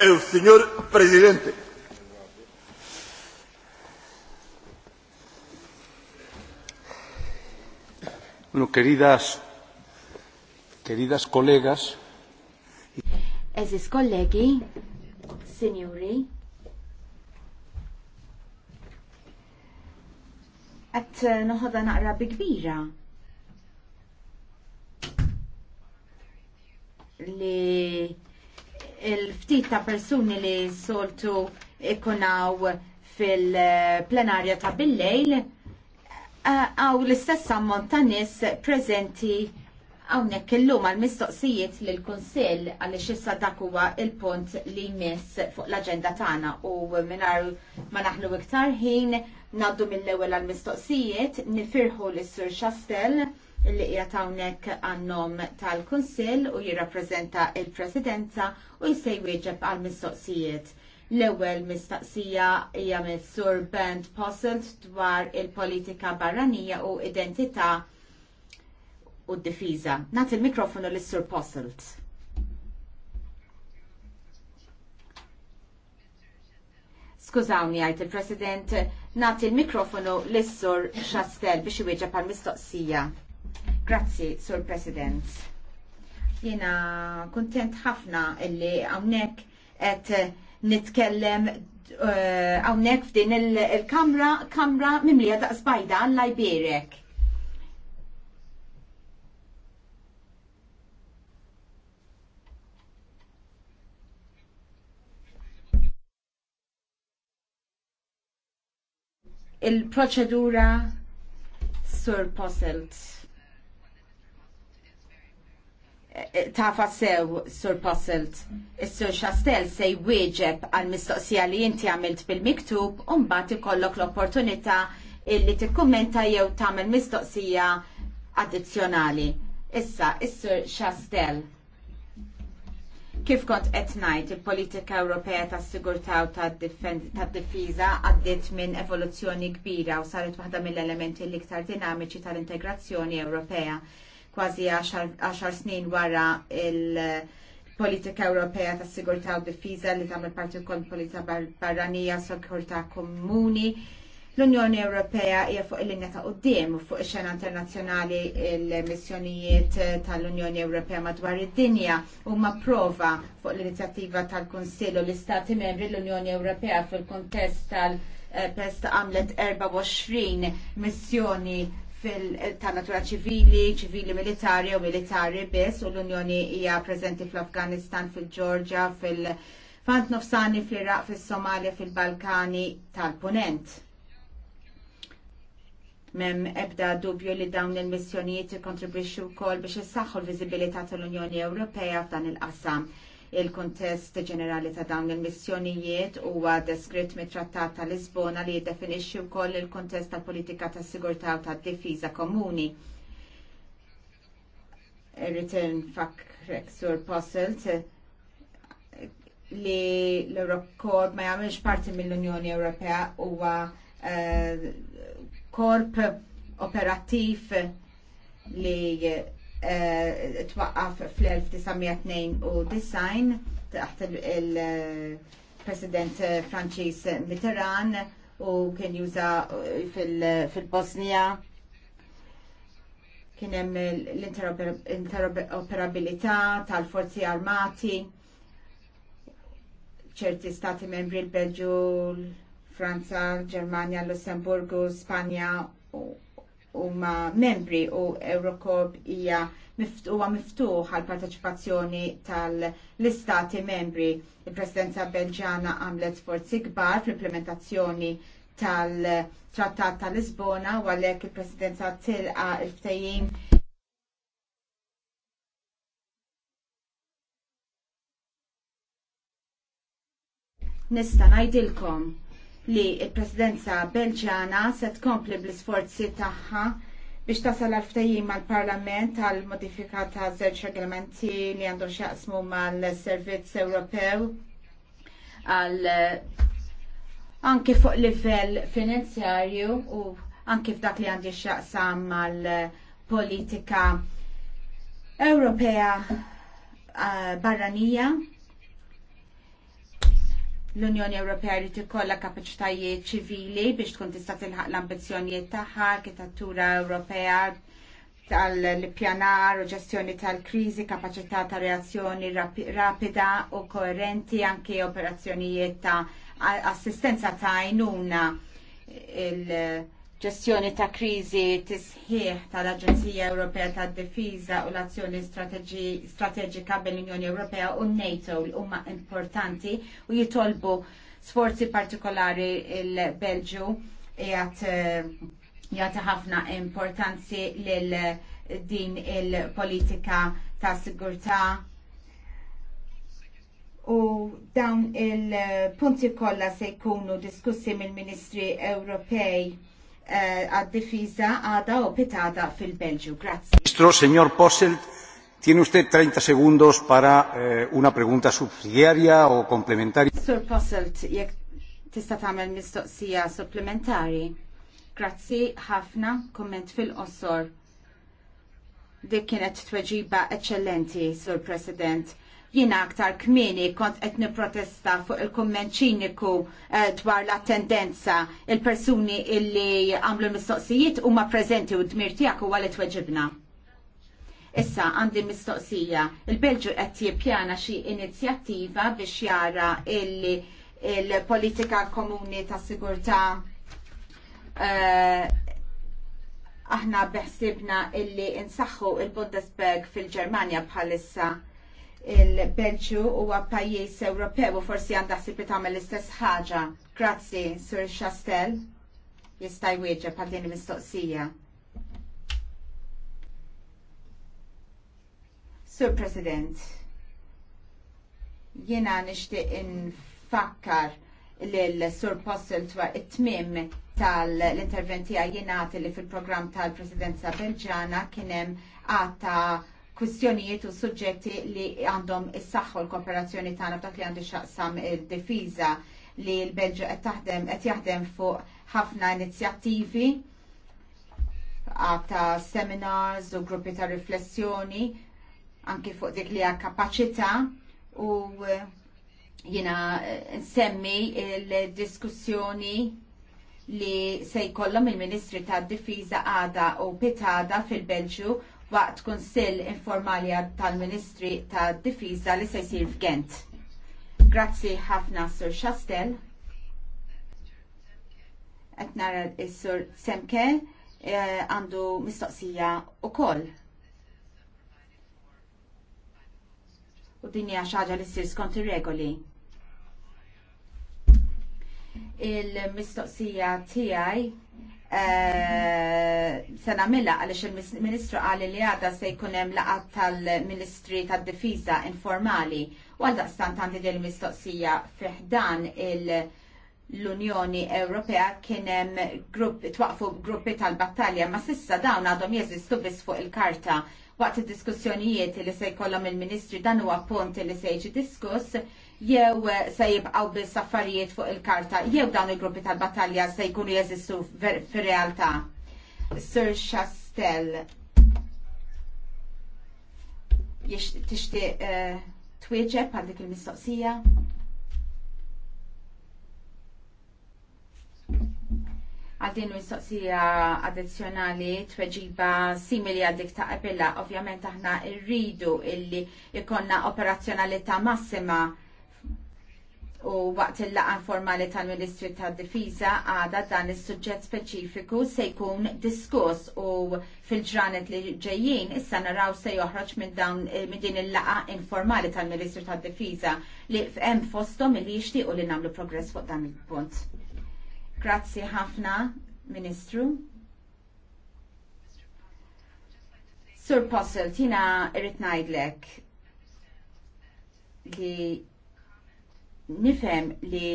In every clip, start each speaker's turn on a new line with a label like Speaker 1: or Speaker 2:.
Speaker 1: El señor presidente.
Speaker 2: Bueno, queridas, queridas colegas.
Speaker 3: Eżis kollegi, signori, għat noħoda naqra bi kbira ta' persuni li soltu ikonaw fil-plenarja ta' billejl għaw l-istess ammont ta' nis prezenti għawnek illum għal-mistoqsijiet l konsil għal xissa dak huwa il-punt li jmiss fuq l-agenda tagħna u minar ma naħlu iktar ħin naddu mill-ewwel għal-mistoqsijiet nifirħu l-Sur Chastel li qiegħed hawnhekk għannom tal-Kunsill u jirrappreżenta il-Presidenza u jista' jwieġeb għal mistoqsijiet. L-ewwel mistaqsija hija mis-Sur Bernd Posselt dwar il-politika barranija u identità u d-difiża. Nagħti il-mikrofonu lis-Sur Posselt. Skużawni għajt il-President, nagħti il-mikrofonu lis-Sur Chastel biex iwieġeb għal mistoqsija. Grazzi, Sur President. Jena kontent ħafna illi għawnek et nitkellem eh, għawnek uh, f'din il-kamra il kamra mimlija ta' spajda għall-lajbirek. il-proċedura sur Posselt tafa sew sur Posselt is-sur xastel se jwieġeb għal mistoqsija li inti għamilt bil-miktub u mbagħad ikollok l-opportunità illi t-kommenta jew tagħmel mistoqsija addizzjonali. Issa, is-sur xastel. Kif kont qed ngħid il-politika Ewropea tas-sigurtà u tad-difiża għaddit minn evoluzzjoni kbira u saret waħda mill-elementi l-iktar dinamiċi tal-integrazzjoni Ewropea kważi 10 snin wara il-politika Ewropea ta' sigurtà u diffiża li tagħmel parti wkoll politika barranija sigurtà komuni. L-Unjoni Ewropea hija fuq il-linja ta' qudiem u fuq ix-xena internazzjonali l missjonijiet tal-Unjoni Ewropea madwar id-dinja huma prova fuq l-inizjattiva tal-Kunsill u l-Istati Membri l-Unjoni Ewropea fil-kuntest tal- pest eh, għamlet 24 missjoni ta' natura ċivili, ċivili militari u militari biss u l-Unjoni hija preżenti fl-Afganistan, fil-Ġorġja, fil-Fant Nofsani, fl-Iraq, fil-Somalia, fil-Balkani tal-Punent. Mem ebda dubju li dawn il-missjonijiet kontribwixxu wkoll biex issaħħu l-viżibilità tal-Unjoni Ewropea f'dan il-qasam Il-kontest ġenerali ta' dawn il-missjonijiet huwa deskritt mit-Trattat ta' Lisbona li jiddefinixxi wkoll il-kontest tal-politika ta' sigurtà u tad-difiża komuni. Return fak Rexur Posselt li l eurokorp ma jagħmilx parti mill-Unjoni Ewropea huwa eh, korp operattiv li Eh, twaqqaf fl-1992 taħt il-President Franċis Mitterrand u kien juża fil-Bosnija kien hemm l-interoperabilità tal-forzi armati ċerti stati membri l-Belġu, Franza, Ġermanja, Lussemburgu, Spanja u huma membri u Eurocorp hija huwa miftuħ għal parteċipazzjoni tal-istati membri. Il-Presidenza Belġana għamlet sforzi kbar fl-implementazzjoni tal-Trattat tal-Lisbona u għalhekk il-Presidenza tilqa il-ftehim Nista' ngħidilkom li il-Presidenza Belġana se tkompli bl-isforzi tagħha biex tasal għal-ftajim għal parlament għal modifika ta' żewġ reglamenti li għandhom xaqsmu mal-Servizz Ewropew għal anki fuq livell finanzjarju u anki f'dak li għandi xaqsam mal-politika Ewropea eh, barranija l-Unjoni Ewropea li ikollha kapaċitajiet ċivili biex tkun tista' tilħaq l-ambizzjonijiet tagħha arkitettura Ewropea tal-pjanar u ġestjoni tal-kriżi, kapaċità ta' reazzjoni rapida u koerenti anke operazzjonijiet ta' assistenza ta' għajnuna il- ġestjoni ta' kriżi tisħiħ tal-Aġenzija Ewropea tad-Difiża u l-azzjoni strateġika bl unjoni Ewropea u NATO li huma importanti u jitolbu sforzi partikolari il-Belġu jgħat ħafna importanzi lil din il-politika ta' sigurtà u dawn il-punti kollha se jkunu diskussi mill-Ministri Ewropej Eh, għad-difiża għada u pitada fil belġju Grazzi.
Speaker 2: Ministro, signor Posselt, tiene usted 30 segundos para eh, una pregunta subsidiaria o complementaria.
Speaker 3: Sur Posselt, jekk tista' tagħmel mistoqsija supplementari. Grazzi ħafna, komment fil ossor Dik kienet tweġiba eccellenti, Sur President. Jiena aktar kmieni kont qed nipprotesta fuq il-kumment ċiniku eh, dwar la tendenza il-persuni illi għamlu l-mistoqsijiet huma preżenti u d-dmir tiegħek huwa li tweġibna. Issa għandi mistoqsija, il-Belġu qed jippjana xi inizjattiva biex jara illi il-politika komuni ta' sigurtà eh, aħna beħsibna illi insaħħu il-Bundesberg fil-Ġermanja bħalissa il-Belġu huwa pajjiż Ewropew u forsi għandha ħsieb li tagħmel l-istess ħaġa. Grazzi, Sur Chastel. Jista' jwieġeb għal din il-mistoqsija. Sur President, jiena nixtieq infakkar l-Sur Postel twa it-tmim tal-interventi għajjenati li fil-programm tal-Presidenza Belġana kienem għata kwistjonijiet u suġġetti li għandhom issaħħu l-kooperazzjoni tagħna dak li għandu xaqsam il-difiża li l-Belġu qed taħdem qed jaħdem fuq ħafna inizjattivi ta' seminars u gruppi ta' riflessjoni anki fuq dik li kapaċità u eh, jina eh, nsemmi l diskussjoni li se jkollhom il-Ministri tad Difiża għada u pitada fil-Belġu waqt kunsill informali tal-Ministri tad-Difiża li se jsir f'Gent. Grazzi ħafna Sur Chastel. Qed nara s-Sur Semke eh, għandu mistoqsija wkoll. U din hija xi ħaġa li ssir skont ir-regoli il-mistoqsija tiegħi Eh, se nagħmilha għaliex il-Ministru qal li għadha se jkun hemm tal-Ministri tad-Difiża informali u għal daqstant għandi din mistoqsija fiħdan l-Unjoni Ewropea kien hemm grupp twaqfu gruppi tal-battalja ma sissa dawn għadhom jeżistu biss fuq il-karta waqt id-diskussjonijiet li se jkollhom il-Ministri dan huwa punt li se jiġi diskuss jew eh, se jibqgħu biss affarijiet fuq il-karta, jew dawn il-gruppi tal-battalja se jkunu jeżistu fir-realtà. Sir Chastel, tixtieq uh, għal dik il-mistoqsija? għal din mistoqsija addizzjonali tweġiba simili għal dik ta' qabilla, ovvjament aħna rridu illi ikonna operazzjonalità massima u waqt il-laqa formali tal-Ministri tad-Difiża għada dan is-suġġett speċifiku se jkun diskuss u fil-ġranet li ġejjin issa naraw se joħroġ minn dawn eh, minn din il-laqa informali tal-Ministri tad-Difiża li f'hemm fosthom li jixtiequ li nagħmlu progress fuq dan il-punt. Grazzi ħafna, Ministru. Sur Possel, tina irrit ngħidlek li nifhem li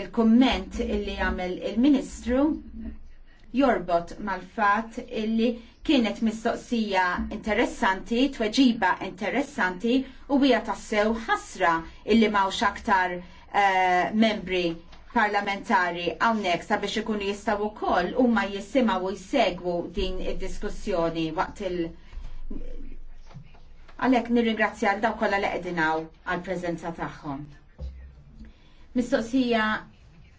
Speaker 3: il-komment illi għamil il-Ministru jorbot mal-fat illi kienet mistoqsija interessanti, tweġiba interessanti u bija tassew ħasra illi mawx aktar uh, membri parlamentari għawnek sabiex ikunu jistaw u koll u ma jissima u jisegwu din id-diskussjoni waqt il- għalek nirringrazzja għal daw kolla li għedinaw għal prezenza taħħom. Mistoqsija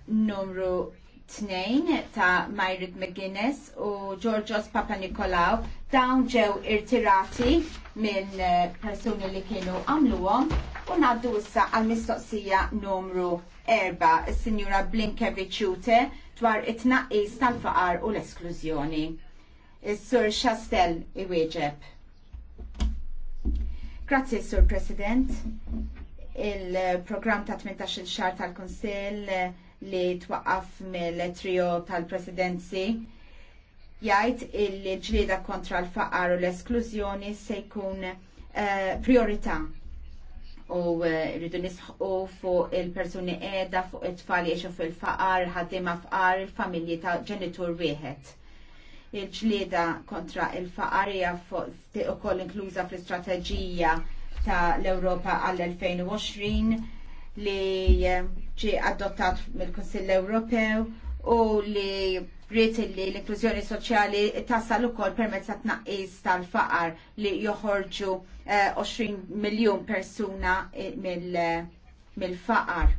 Speaker 3: numru 2 ta' Myrit McGuinness u Georgios Papa Nikolaw dawn ġew irtirati minn eh, persuni li kienu għamluhom u naddu issa għal mistoqsija numru 4 is-Sinjura Blinkeviċute dwar it-tnaqqis tal-faqar u l-esklużjoni. Is-Sur Chastel iwieġeb. Grazie, Sur President il-programm ta' 18 xar tal-Konsil li twaqqaf mill-trio tal-Presidenzi jgħid il-ġlieda kontra l-faqar u l-esklużjoni se jkun eh, priorità u eh, rridu nisħu fuq il-persuni qiegħda fuq it-tfal jiexu fil-faqar, ħaddiema faqar, il-familji ta' ġenitur wieħed. Il-ġlieda kontra il-faqar hija ukoll inkluża fl-istrateġija ta' l-Europa għall-2020 li ġi adottat mill-Konsill Ewropew u li rrit li l-inklużjoni soċjali tasal ukoll permezz ta' tnaqqis tal-faqar li joħorġu 20 eh, miljun persuna eh, mill-faqar.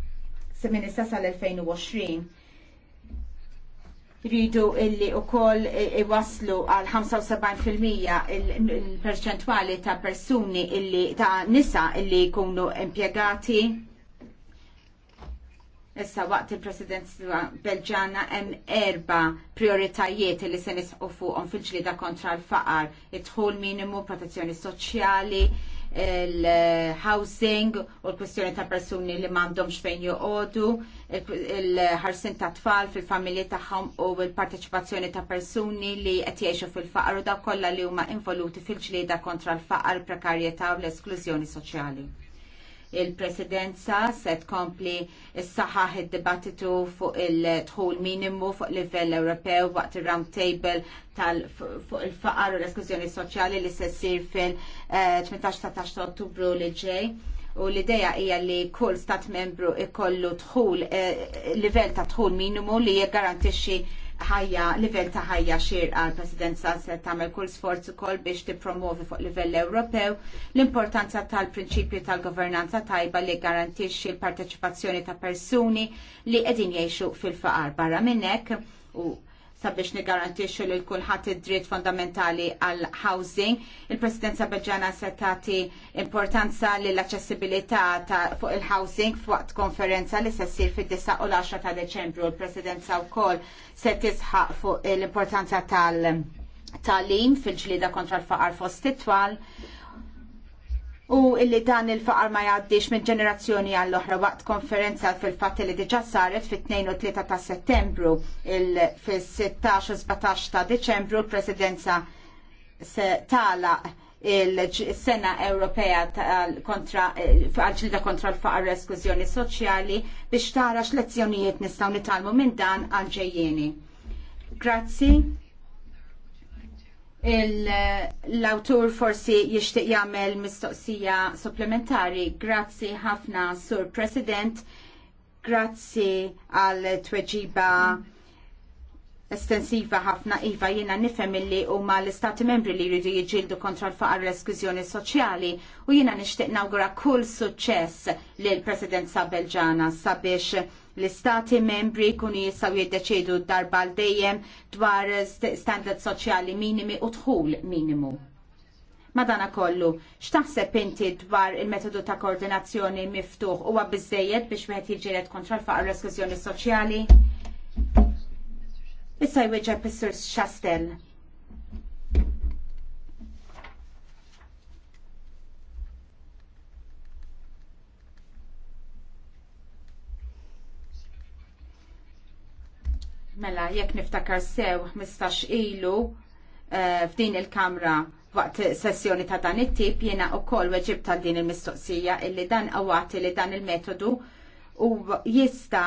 Speaker 3: Se minn istess sal-2020 rridu illi u koll iwaslu għal 75% il-perċentwali ta' persuni illi ta' nisa illi jkunu impiegati. Issa waqt il-presidenza Belġana hemm erba' prioritajiet li se nisqu fuqhom fil-ġlieda kontra l-faqar, id-dħul minimu, protezzjoni soċjali, il-housing u l-kwestjoni ta' persuni li m'għandhomx fejn joqogħdu, il-ħarsin ta' tfal fil-familji tagħhom u l-parteċipazzjoni ta' persuni li qed jgħixu fil-faqar u da' kollha li huma involuti fil-ġlieda kontra l-faqar, prekarjetà u l-esklużjoni soċjali. Il-presidenza se tkompli s saħaħ id-dibattitu fuq il-dħul minimu fuq livell Ewropew waqt ir-round table tal fuq il-faqar u l-esklużjoni soċjali li se ssir fil 18 eh, 18 Ottubru li ġej u l-ideja hija li kull stat membru ikollu dħul eh, livell ta' dħul minimu li jgarantixxi ħajja livell ta' ħajja xir għal presidenza se tagħmel kull sforz ukoll biex tippromovi fuq livell Ewropew l-importanza tal-prinċipju tal-governanza tajba li garantixxi l-parteċipazzjoni ta' persuni li qegħdin jgħixu fil-faqar barra minn hekk u sabiex nigarantixxu lil kulħadd id-dritt fondamentali għal housing. Il-Presidenza Belġana se tagħti importanza lill aċċessibilità ta' fuq il-housing f'waqt konferenza li se ssir fid-9 u l-10 ta' Deċembru. Il-Presidenza wkoll se tisħaq fuq l-importanza tal- tal fil-ġlida kontra l-faqar fost it-twal u illi dan il-faqar ma jgħaddix minn ġenerazzjoni għall-oħra waqt konferenza fil fat li diġa saret fit-2 u 3 ta' settembru fil-16 u 17 ta' deċembru l-presidenza se tala il-sena Ewropea għal-ġilda kontra l-faqar l-esklużjoni soċjali biex tara x-lezzjonijiet nistaw nitalmu minn dan għal-ġejjeni. Grazzi l-autur forsi jixtieq jagħmel mistoqsija supplementari. Grazzi ħafna, Sur President. Grazzi għal tweġiba estensiva ħafna iva jiena nifhem illi huma l-istati membri li jridu jiġildu kontra l-faqar l-eskużjoni soċjali u jiena nixtieq nawgura kull suċċess lill presidenza Belġana sabiex l-istati membri kunu jistaw jiddeċidu darba l dejjem dwar standard soċjali minimi u tħul minimu. Madana kollu, x'taħseb inti dwar il-metodu ta' koordinazzjoni miftuħ huwa għabizzejed biex wieħed jiġġieled kontra l-faqar l soċjali? Issa jweġa Pissur xastel. Mela, jekk niftakar sew 15 ilu eh, f'din il-kamra waqt sessjoni ta' dan it-tip jiena wkoll weġib tal din il-mistoqsija illi dan għawati li dan il-metodu u jista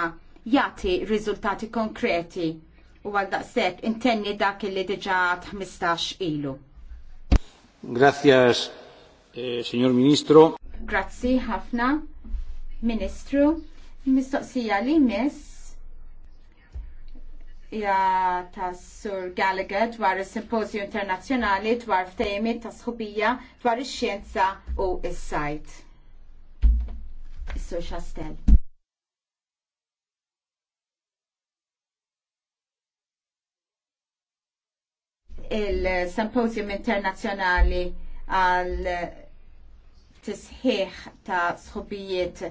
Speaker 3: jagħti riżultati konkreti u għal daqshekk intenni dak illi diġà 15 ilu.
Speaker 2: Grazzjas, eh, signor Ministro.
Speaker 3: Grazzi ħafna, Ministru. Mistoqsija li miss ja ta' Sur Gallagher dwar is-Simpożju Internazzjonali dwar ftehimiet ta' sħubija dwar ix-xjenza u s-sajt. sur Chastel. il-Symposium Internazzjonali għal tisħiħ ta' sħubijiet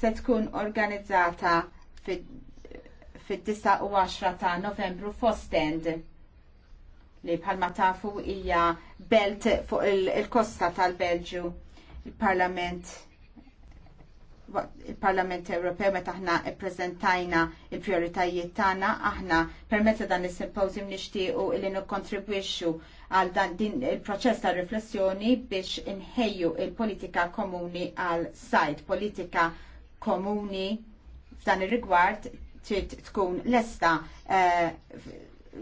Speaker 3: se tkun organizzata fid fid-9 u 10 ta' Novembru Fostend li bħalma tafu hija belt fuq il-kosta il kosta tal il-Parlament il-Parlament Ewropew meta aħna ppreżentajna il-prioritajiet tagħna aħna permezz dan is-symposium nixtiequ li nikkontribwixxu għal dan din il-proċess ta' riflessjoni biex inħejju il-politika komuni għal sajt politika komuni f'dan ir-rigward trid tkun lesta eh,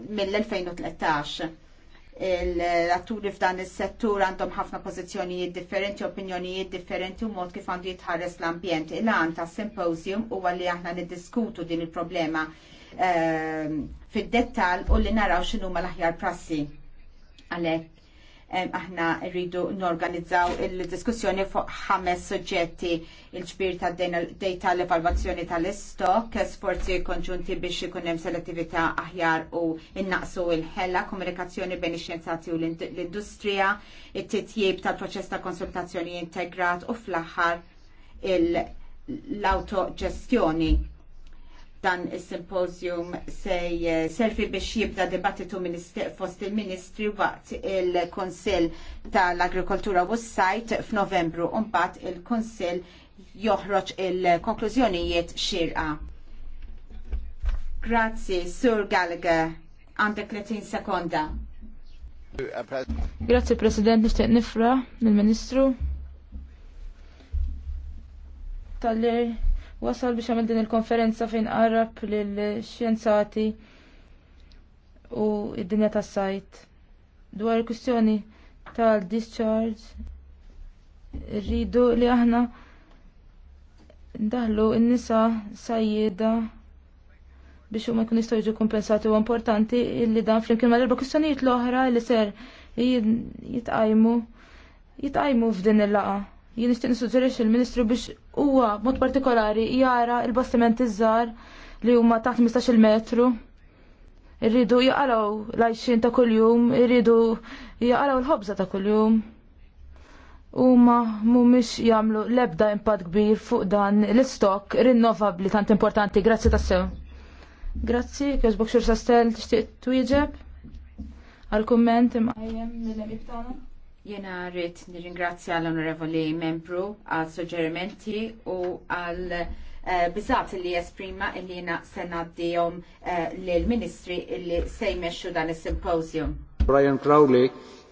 Speaker 3: mill-2013 l-atturi f'dan is-settur għandhom ħafna pożizzjonijiet differenti, opinjonijiet differenti u mod kif għandu jitħares l-ambjent. Il-għan ta' symposium huwa li aħna niddiskutu din il-problema eh, fid-dettal u li naraw x'inhuma l-aħjar prassi għalhekk aħna rridu norganizzaw il-diskussjoni fuq ħames suġġetti il-ġbir ta' dejta l-evalvazzjoni tal-istok, sforzi konġunti biex ikun hemm selettività aħjar u innaqsu il-ħella, komunikazzjoni bejn ix-xjenzati u l-industrija, it-titjib tal-proċess ta' konsultazzjoni integrat u fl-aħħar l-autoġestjoni dan il-symposium se eh, selfi biex jibda dibattitu fost il-Ministri waqt il-Konsil tal-Agrikoltura u s-Sajt f'Novembru bat il-Konsil joħroġ il-konklużjonijiet xirqa. Grazzi, Sur Gallagher, għandek 30 sekonda.
Speaker 1: Grazzi, President, nishtiq nifra il ministru Tal-li wasal biex għamil din il-konferenza fejn qarrab lill-xjenzati u id-dinja tas-sajt. Dwar il-kwistjoni tal-discharge rridu li aħna ndaħlu n-nisa sajjida biex huma jkun jistgħu jiġu kompensati u importanti illi dan flimkien mal erba' kwistjonijiet l-oħra li ser jitqajmu jitqajmu f'din il-laqa. Jien nixtieq nissuġġerix il-Ministru biex huwa mod partikolari jara l-bastimenti żgħar li huma taħt 15-il metru. Irridu jaqalaw l-għajxin ta' kuljum, irridu jaqalaw l-ħobża ta' kuljum. Huma mhumiex jagħmlu l-ebda impatt kbir fuq dan l-istokk rinnovabbli tant importanti. Grazzi tassew. Grazzi, kjożbok xur sastel tixtieq twieġeb għal-kumment imqajjem mill-ebib tagħna.
Speaker 3: Jena rrit nirringrazzja l-onorevoli membru għal suġġerimenti u għal eh, bizzat li jesprima illi jena senaddijom eh, l-ministri illi sejmexxu dan is-simposium.
Speaker 2: Brian
Speaker 1: Crowley.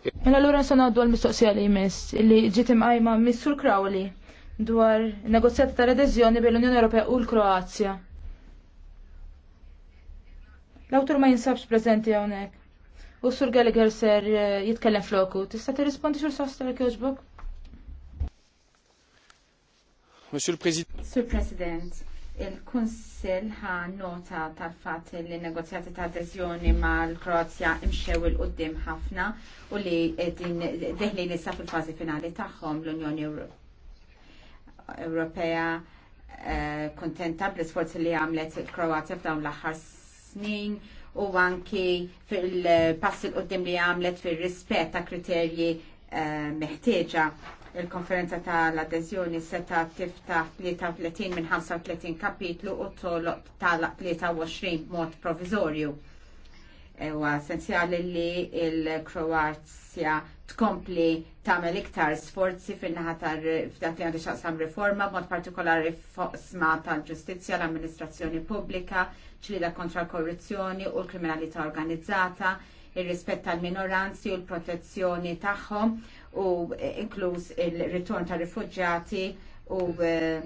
Speaker 1: Jena mela l-għura sanaddu għal-mistoqsija li jmiss illi ġitim
Speaker 3: għajma Missur
Speaker 1: Crowley dwar negozjati tal-adezjoni bejn l-Unjoni Ewropea u l-Kroazja. l autor ma jinsabx prezenti hawnhekk u Sur Gallagher ser eh, jitkellem floku. Tista' tirrispondi xur sostar kjoġbok?
Speaker 2: Monsieur le Président.
Speaker 3: Sur President, il-Kunsil ħa nota tal-fat li negozjati ta' ma' mal-Kroazja imxew il-qoddim ħafna u li din deħli nisa fil-fazi finali tagħhom l-Unjoni Ewropea eh, kontenta bl-isforzi li għamlet il-Kroazja f'dawn l-aħħar snin u anki fil-pass il-qoddim li għamlet fil-rispet ta' kriterji eh, meħtieġa. Il-konferenza tal-adezjoni seta tiftaħ 33 minn 35 kapitlu u toloq tal-23 mod provizorju. Ewa essenzjali li il-Kroazja tkompli tagħmel iktar sforzi fin-naħa f'dak li għandu xaqsam riforma, b'mod partikolari fosma tal-ġustizzja, l-amministrazzjoni pubblika, ċlida kontra l-korruzzjoni u l-kriminalità organizzata, ir-rispett tal-minoranzi u l-protezzjoni tagħhom u eh, inkluż il-ritorn tar rifuġġjati u eh,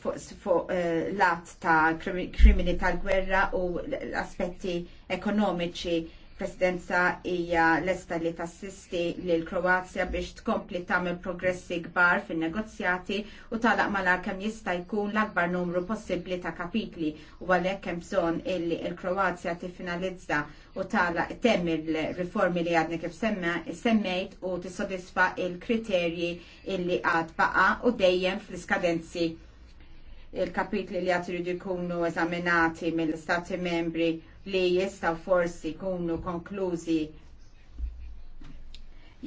Speaker 3: fuq eh, lat ta' krimini tal-gwerra u l-aspetti ekonomiċi presidenza hija lesta li tassisti lil Kroazja biex tkompli tagħmel progressi kbar fin-negozjati u talaq malar kemm jista' jkun l-akbar numru possibbli ta' kapitli u għalhekk hemm bżonn illi l-Kroazja tiffinalizza u talaq temm il-riformi li għadni kif semmejt u tissodisfa il-kriterji illi għad baqa u dejjem fl-iskadenzi il-kapitli li għat jridu jkunu eżaminati mill-Stati membri li jistaw forsi jkunu konklużi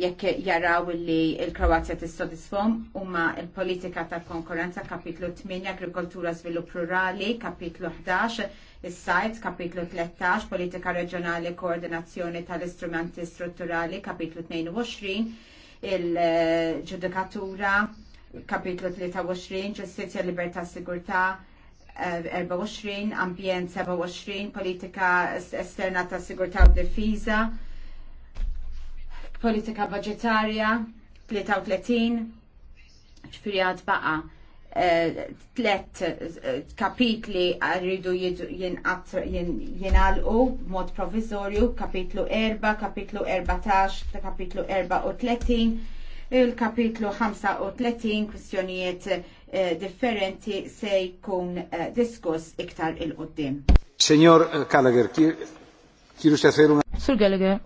Speaker 3: jekk jaraw li il-Kroazja u huma il-politika tal-konkurrenza kapitlu 8 agrikoltura svilup rurali kapitlu 11 is-sajt kapitlu 13 politika reġjonali koordinazzjoni tal-istrumenti strutturali kapitlu 22 il-ġudikatura kapitlu 23, ġustizja, libertà, sigurtà, 24, eh, ambjent 27, politika esterna ta' sigurtà u difiża, politika budgetarja 33, ċifiri għad baqa eh, tlet eh, kapitli rridu jinalqu mod provizorju, kapitlu 4, kapitlu 14, kapitlu 34, Il-kapitlu 35 kwistjonijiet eh, differenti se jkun eh, diskuss iktar il-qoddim.
Speaker 2: Senjor eh, Gallagher, se xteferu?
Speaker 1: Sur Gallagher,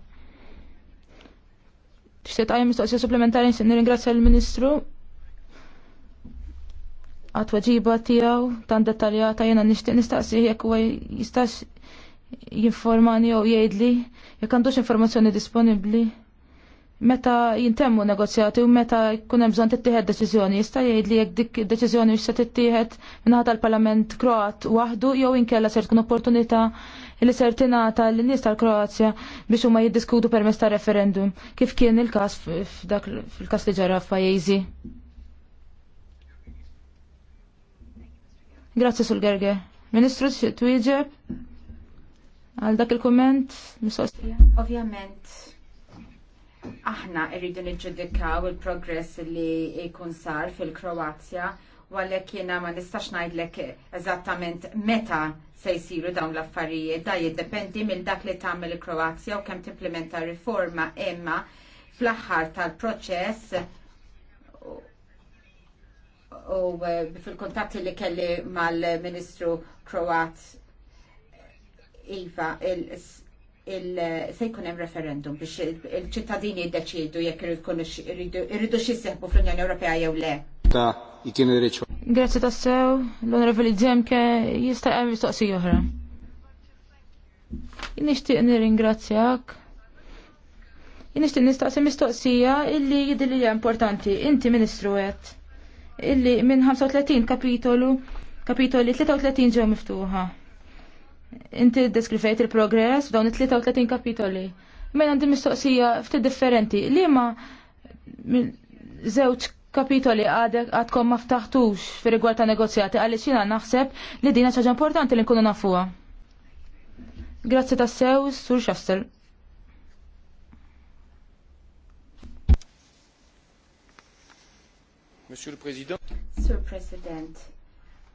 Speaker 1: xtet għajem mistoqsija supplementari nsin nirringrazzja l-Ministru Għat waġiba tijaw tan dettaljata jena nishtiq nistaqsi jekk u jistax jinformani jew jgħidli jekk għandux informazzjoni disponibbli meta jintemmu negozjati u meta jkun hemm bżonn tittieħed deċiżjoni, jista' jgħid li jekk dik deċiżjoni se tittieħed minħata tal-Parlament Kroat waħdu jew inkella ser tkun opportunità li ser tingħata lin nies tal-Kroazja biex huma jiddiskutu permezz ta' referendum kif kien il-każ f'dak fil-każ li ġara f'pajjiżi. Grazzi sul Gerge. Ministru twieġeb għal dak il-kumment
Speaker 3: mistoqsija. Ovvjament aħna rridu niġġudikaw il-progress li jkun sar fil-Kroazja għalek jena ma nistax najdlek eżattament meta se jisiru dawn l-affarijiet, da jiddependi minn dak li tagħmel il-Kroazja u kemm timplementa riforma imma fl-aħħar tal-proċess u e, fil-kontatti li kelli mal-Ministru Kroat Iva, se jkun hemm referendum biex il-ċittadini jiddeċiedu jekk irridu xisseħbu fl-Unjoni Ewropea jew le.
Speaker 1: Grazzi tassew, l-Onorevoli Zemke jista' hemm mistoqsija oħra. Nixtieq nirringrazzjak. Nixtieq nistaqsi mistoqsija illi hija importanti. Inti Ministru għedt illi minn 35 kapitolu kapitoli 33 ġew miftuħa Inti deskrifejt il-progress f'dawn it-33 kapitoli. Mejn mela għandi mistoqsija ftit differenti. Liema żewġ kapitoli għadek għadkom ma ftaħtux fir rigward ta' negozjati għaliex jiena naħseb li dina ċaġa importanti li nkunu nafuha. Grazzi ta' sew, Sur Xastel.
Speaker 2: Monsieur le Président.
Speaker 3: Sur President,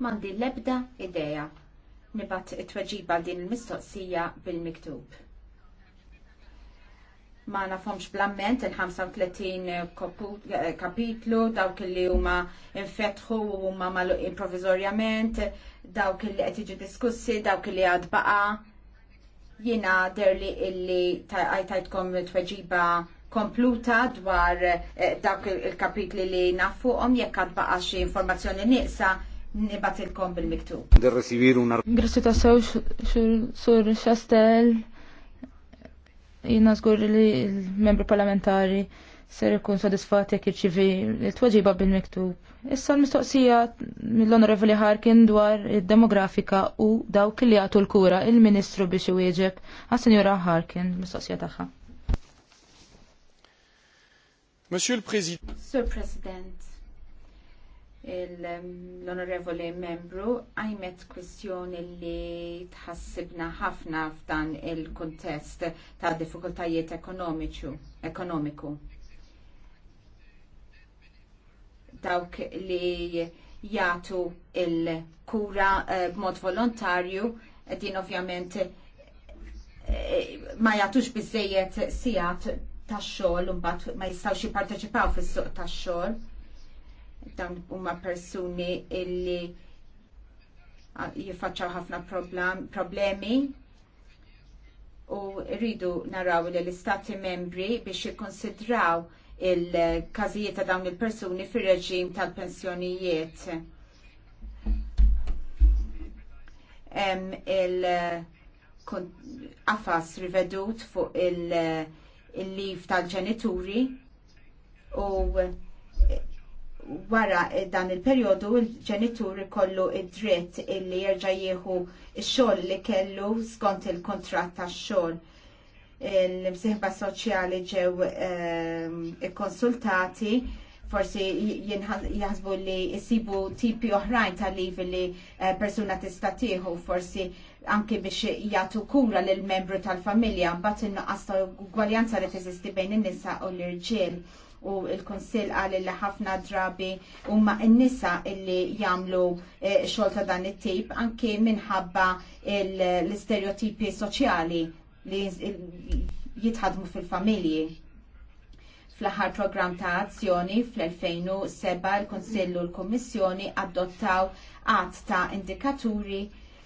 Speaker 3: mandi lebda ideja nibat it-tweġiba din il-mistoqsija bil-miktub. Ma nafhomx blamment il-35 kapitlu dawk li huma infetħu u huma malu improvizorjament, dawk li qed jiġu diskussi, dawk li għad baqa. Jiena derli illi għajtajtkom tweġiba kompluta dwar eh, dawk il-kapitli li nafuqhom jekk għad baqa xi informazzjoni nieqsa nibatilkom bil-miktub.
Speaker 2: Grazzi
Speaker 1: ta' sew sur Chastel, jina zgur li l-membri parlamentari ser ikun sodisfat jek irċivi il-tweġiba bil-miktub. Issa l-mistoqsija mill-Onorevoli Harkin dwar id-demografika u dawk li għatu l-kura il-Ministru biex iwieġeb għas-Senjora Harkin, mistoqsija tagħha.
Speaker 2: Monsieur le Président. le
Speaker 3: President l-onorevoli membru għajmet kwestjoni li tħassibna ħafna f'dan il-kontest ta' diffikultajiet ekonomiku. Dawk li jagħtu il-kura eh, b'mod volontarju, din ovvjament eh, ma jagħtux bizzejiet sigħat tax-xogħol u ma jistgħux jipparteċipaw fis-suq tax-xogħol dawn huma persuni illi jiffaċċaw ħafna problemi u rridu naraw li l-istati membri biex jikkonsidraw il-każijiet ta' dawn il-persuni fir-reġim tal-pensjonijiet. il-qafas rivedut fuq il-liv tal-ġenituri u wara dan il-perjodu il-ġenitur kollu id-dritt illi jerġa' jieħu x-xogħol li kellu skont il kontrat tax-xogħol. Il-msieħba soċjali ġew ehm, konsultati forsi jaħsbu li jisibu tipi oħrajn tal-liv li eh, persuna tista' tieħu forsi anki biex jagħtu kura lill membru tal-familja mbagħad inqas ta' gwaljanza li teżisti bejn in-nisa u l-irġiel u il-Konsil għal li ħafna drabi huma n-nisa illi jagħmlu eh, xogħol ta' dan it-tip anke minħabba l-istereotipi soċjali li jitħadmu fil-familji fl-aħħar programm ta' azzjoni fl-2007 il-Konsillu u l-Kummissjoni adottaw għat ta' indikaturi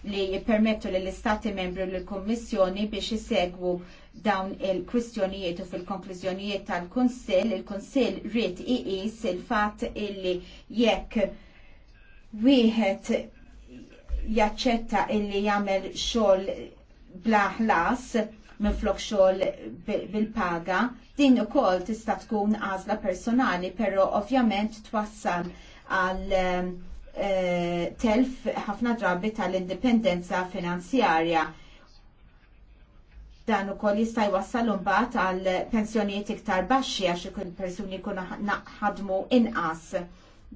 Speaker 3: li jippermettu li l-Istati membri l kommissjoni biex jisegwu dawn il-kwistjonijiet u fil-konklużjonijiet tal-Kunsill, il-Kunsill rrit iqis il-fatt illi jekk wieħed jaċċetta illi jagħmel xogħol bla ħlas minn flok xogħol bil-paga, din ukoll tista' tkun għażla personali, però ovvjament twassal għal ehm, Eh, telf ħafna drabi tal-indipendenza finanzjarja. Dan ukoll jista' jwassal imbagħad għal pensjonijiet iktar baxxi għax ikun persuni jkunu ħadmu inqas.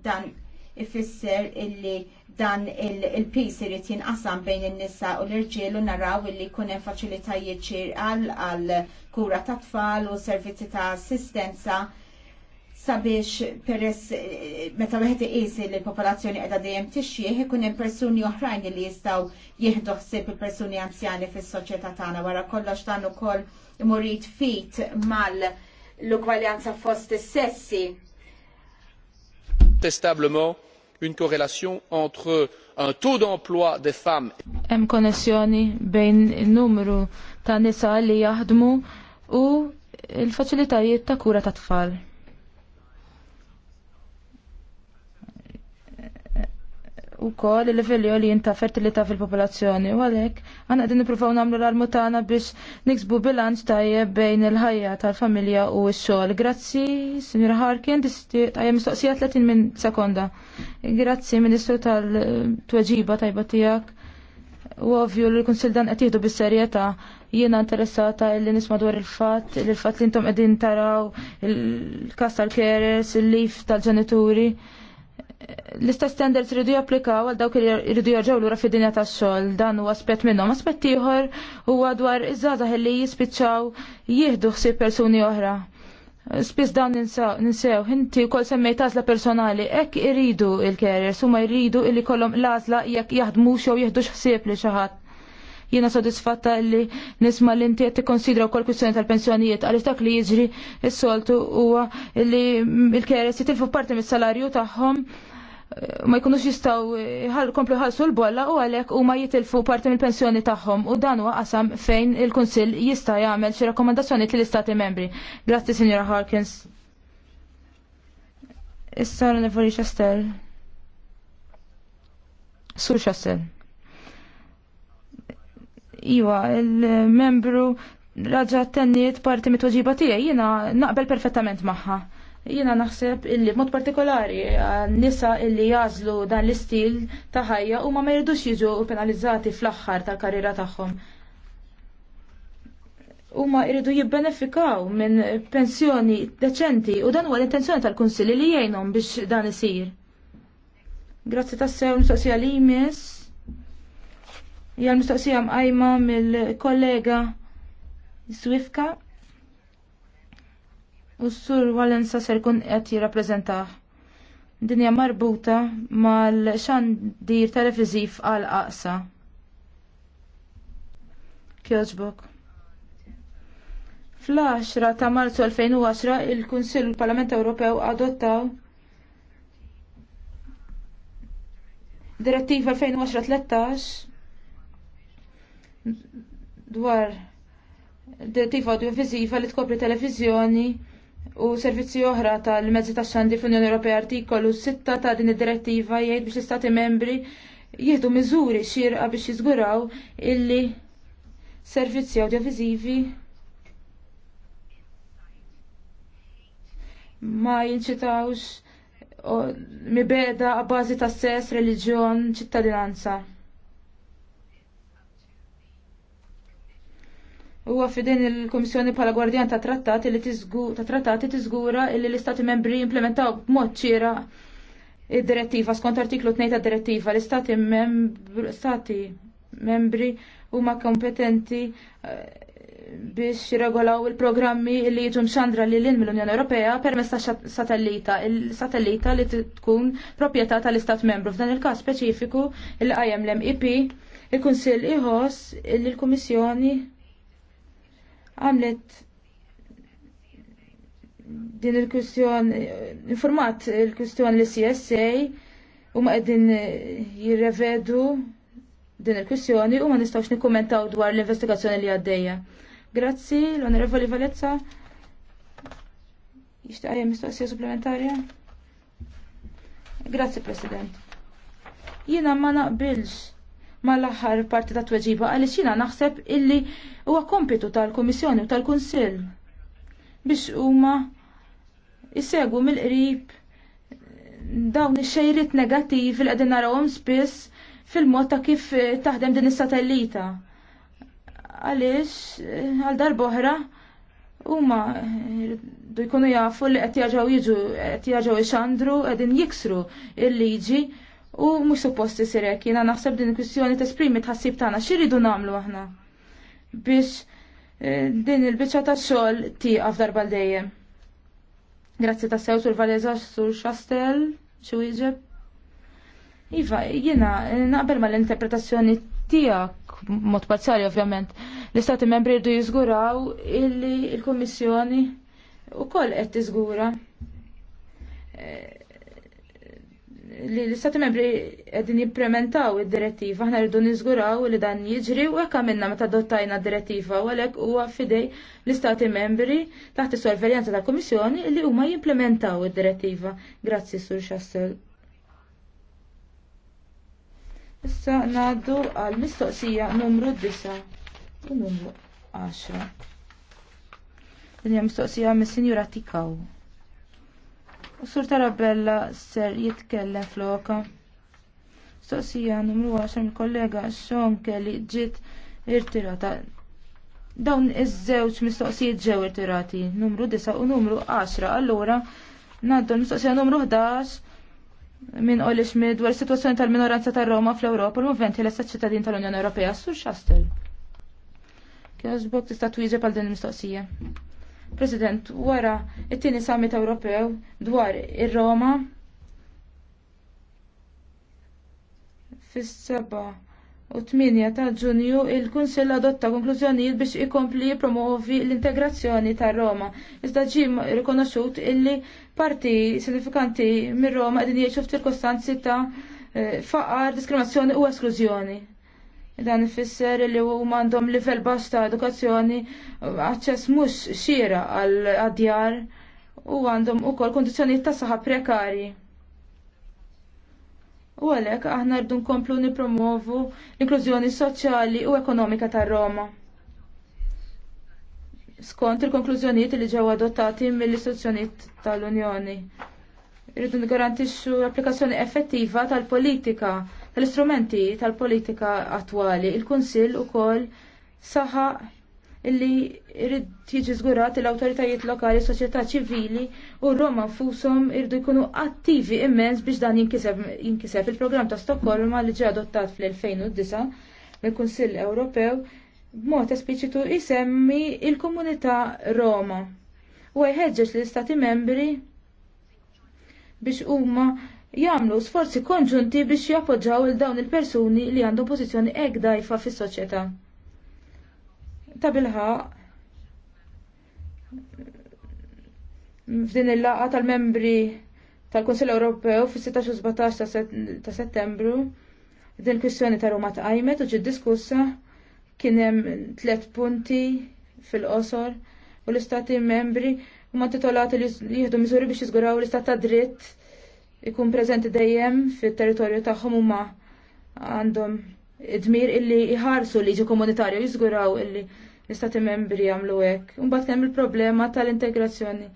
Speaker 3: Dan ifisser illi dan il-pis il irid jinqasam bejn in-nisa u l-irġiel u naraw illi jkun hemm faċilitajiet xierqal għal kura tat-tfal u servizzi ta' assistenza sabiex peress eh, meta wieħed iqis li l-popolazzjoni qiegħda dejjem tixjieh ikun hemm persuni oħrajn li jistgħu jieħdu ħsieb il-persuni anzjani fis-soċjetà tagħna wara kollox dan ukoll imurid fit mal l-ugwaljanza fost is-sessi.
Speaker 2: Testablement une corrélation entre un taux d'emploi des femmes.
Speaker 1: Hemm konnessjoni bejn in-numru ta' nisa li jaħdmu u l-faċilitajiet ta' kura ta' tfal. u kol il-livelli u li jinta fertilita fil-popolazzjoni. U għalek, għanna din niprofaw namlu l-armutana biex niksbu bilanċ tajjeb bejn il-ħajja tal-familja u x-xol. Grazzi, Signora Harkin, tajjeb mistoqsija 30 minn sekonda. Grazzi, Ministru tal-tweġiba tajba tijak. U ovvju l-Konsil dan qed jieħdu bis-serjetà jiena interessata li nisma' dwar il-fatt, il-fatt li intom qegħdin taraw il-kas tal-keres, il-lif tal-ġenituri. il kastal tal il keres il lif tal ġenituri l-istess standards ridu japplikaw għal dawk li ridu jarġaw lura fid-dinja tax-xogħol dan huwa aspett minnhom. aspet ieħor huwa dwar iż-żgħażagħ li jispiċċaw jieħdu ħsieb persuni oħra. Spiss dawn ninsew, inti wkoll semmejt għażla personali, hekk iridu il-carriers huma jridu illi kollhom l-għażla jekk jahdmu jew jieħdux ħsieb li xi ħadd. Jiena sodisfatta li nisma li inti qed tikkonsidra kol kwistjoni tal-pensjonijiet għaliex dak li jiġri s-soltu huwa li l-carriers jitilfu parti mis-salarju tagħhom ma jkunux jistaw eh, komplu ħalsu l-bolla u għalek u ma jitilfu parti mill pensjoni tagħhom u dan huwa qasam fejn il-Kunsill jista' jagħmel xi rakkomandazzjoni lill istati membri. Grazzi Sinjora Harkins. Issa l-Nevoli xastel. Sur xastel. Iwa, il-membru raġa attenniet parti mit-tweġiba tiegħi jiena naqbel perfettament magħha. Jiena naħseb illi mod partikolari nisa illi jażlu dan l-istil ta' ħajja u ma meridux jiġu penalizzati fl-aħħar tal-karriera tagħhom. ma jridu jibbenefikaw minn pensjoni deċenti u dan huwa l-intenzjoni tal-Kunsilli li jgħinhom biex dan isir. Grazzi tassew mistoqsija li jmiss. Hija l-mistoqsija mqajma mill-kollega Swifka u s-sur Valenza ser kun qed jirrappreżentah. Dinja marbuta mal-xandir televiżiv għal aqsa. Kjoġbok. Fl-10 ta' Marzu 2010 il-Kunsill u l-Parlament Ewropew adottaw Direttiva 2010-13 dwar direttiva audiovisiva li tkopri televizjoni u servizzi oħra tal-mezzi tax-xandi fl-Unjoni Ewropea artikolu 6 ta' din id-direttiva jgħid biex l-Istati membri jieħdu miżuri xirqa biex jiżguraw illi servizzi audiovizivi ma jinċitawx mibeda għabbażi ta' sess, reliġjon, ċittadinanza. Huwa fidin il-Komissjoni bħala Gwardjan ta' Trattati li ta' Trattati tiżgura li l-Istati membri implementaw b'mod ċira id-direttiva skont artiklu 2 ta' direttiva l-Istati membri membri huma kompetenti eh, biex jirregolaw il-programmi li jiġu mxandra li l-in mill-Unjoni Ewropea permezz ta' satellita, il-satellita li tkun proprjetà tal-Istat membru. F'dan il-każ speċifiku il-IMLMEP il-Kunsill iħoss il komissjoni kummissjoni għamlet din il-kustjon, informat il-kustjon l CSA u ma għedin jirrevedu din il-kustjoni u ma nistawx nikkommentaw dwar l-investigazzjoni li għaddeja. Grazzi, l-Onorevoli Valenza. għajem mistoqsija supplementarja? Grazzi, President. Jina ma naqbilx mal-aħħar parti ta' tweġiba għaliex jiena naħseb illi huwa kompitu tal-Kummissjoni u tal-Kunsill biex huma jsegwu mill-qrib dawn ix-xejrit negattivi li qegħdin narawhom spiss fil-mod ta' kif eh, taħdem din is-satellita. Għaliex eh, għal darb'oħra huma eh, jkunu jafu li qed jaġgħu jiġu qed jaġgħu ixandru qegħdin jiksru l-liġi u mhux suppost isir hekk jiena naħseb din il-kwistjoni tesprimi tħassib tagħna ridu nagħmlu aħna biex eh, din il-biċċa tax-xogħol tieqaf darba dejjem. Grazzi ta' sew sur Valeza sur Xastel, xi wieġeb. Iva, jiena eh, naqbel mal-interpretazzjoni tiegħek mod parzjali ovvjament. L-istati membri rridu jiżguraw il-Kummissjoni ukoll qed tiżgura. Eh, li l-istati membri qegħdin jimplementaw id-direttiva, aħna rridu niżguraw li dan jiġri u hekk għamilna meta adottajna d-direttiva u għalhekk huwa fidej l-istati membri taħt is-sorveljanza tal-Kummissjoni li huma jimplementaw id-direttiva. Grazzi Sur Chassel. Issa ngħaddu għal mistoqsija numru 9 u numru 10. Dinja mistoqsija mis-Sinjura Tikaw. Sur Tarabella ser jitkellem floka. Sosija numru 10 kollega Sean Kelly ġiet irtirata. Dawn iż-żewġ mistoqsijiet ġew irtirati, numru 9 u numru 10. Allura ngħaddu l-mistoqsija numru 11 minn Oli Schmidt dwar is-sitwazzjoni tal-minoranza tar-Roma fl-Ewropa u l-movimenti l ċittadin tal-Unjoni Ewropea sur Xastel. Kieżbok tista' twieġeb għal din mistoqsija President, wara it-tieni summit Ewropew dwar ir-Roma fis 7 u 8 ta' Ġunju il-Kunsill adotta konklużjonijiet biex ikompli jippromovi l-integrazzjoni ta' Roma. Iżda ġim rikonoxxut illi parti sinifikanti mir Roma qegħdin jgħixu f'ċirkostanzi ta' eh, faqar, diskriminazzjoni u esklużjoni. Dan ifisser li huma għandhom livell bass ta' edukazzjoni, aċċess mhux xira għal djar u għandhom ukoll kundizzjonijiet ta' saħħa prekari. U għalhekk aħna rdu nkomplu nippromovu l-inklużjoni soċjali u ekonomika tar Roma. Skont il-konklużjonijiet li ġew adottati mill-istituzzjonijiet tal-Unjoni. Irridu ngarantixxu applikazzjoni effettiva tal-politika l istrumenti tal-politika attwali. Il-Kunsill ukoll saħa illi irrid jiġi żgurat l-awtoritajiet lokali, soċjetà ċivili u Roma nfushom irdu jkunu attivi immens biex dan jinkiseb. Il-programm ta' Stokkolma li ġie adottat fl-2009 mill-Kunsill Ewropew b'mod espliċitu jisemmi il-komunità Roma u jħeġġeġ l-istati membri biex huma jagħmlu sforzi konġunti biex jappoġġaw il dawn il-persuni li għandhom pożizzjoni ek dajfa fis-soċjetà. Ta' bilħaq f'din il laqgħa tal-membri tal-Kunsill Ewropew fis-16 17 ta' Settembru din il-kwistjoni ta' Roma tqajmet u ġiet diskussa kien hemm tliet punti fil-qosor u l-istati membri huma titolati li jieħdu miżuri biex jiżguraw l-istat ta' dritt ikun preżenti dejjem fit-territorju tagħhom huma għandhom id-dmir illi jħarsu liġi komunitarju jiżguraw illi l-istati membri jagħmlu hekk. Imbagħad hemm il-problema tal-integrazzjoni.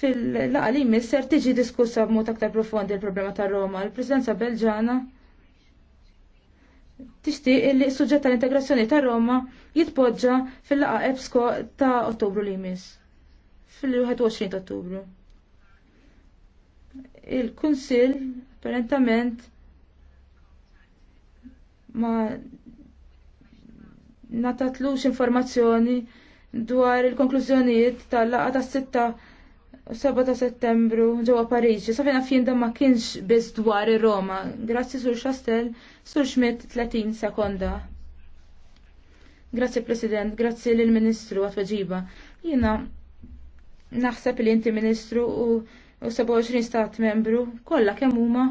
Speaker 1: Fil-laqalim isser tiġi diskussa b'mod aktar profondi l-problema tar Roma. Il-Presidenza Belġana tixtieq illi s-suġġett tal-integrazzjoni tar Roma jitpoġġa fil-laqa EBSCO ta' Ottubru li jmiss. Fil-21 ta' Ottubru il-Kunsill apparentament ma natatlux informazzjoni dwar il-konklużjonijiet tal-laqa ta' 6 u 7 ta' settembru ġewwa Pariġi. Sa fejn ma kienx biss dwar ir-Roma. Grazzi Sur Chastel, Sur Schmidt 30 sekonda. Grazzi President, grazzi lill ministru għat-tweġiba. Jiena naħseb li inti Ministru u u 27 stat membru, kollha kemm huma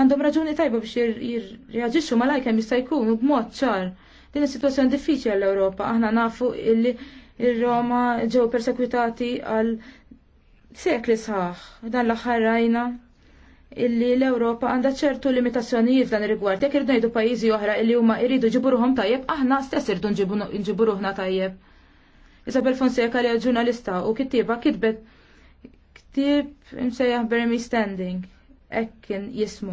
Speaker 1: għandhom raġuni tajba biex jirreaġixxu malaj kemm jista' jkun u b'mod ċar. Din is-sitwazzjoni diffiċli għall-Ewropa, aħna nafu illi ir-Roma ġew persekwitati għal sekli sħaħ. Dan l-aħħar rajna illi l-Ewropa għandha ċertu limitazzjonijiet dan ir-rigward. Jekk irdu ngħidu pajjiżi oħra illi huma jridu ġiburuhom tajjeb, aħna stess irdu nġiburuħna tajjeb. Isabel Fonseca li ġurnalista u kittiba kitbet tip imsejjaħ Bermi Standing, ekkin jismu.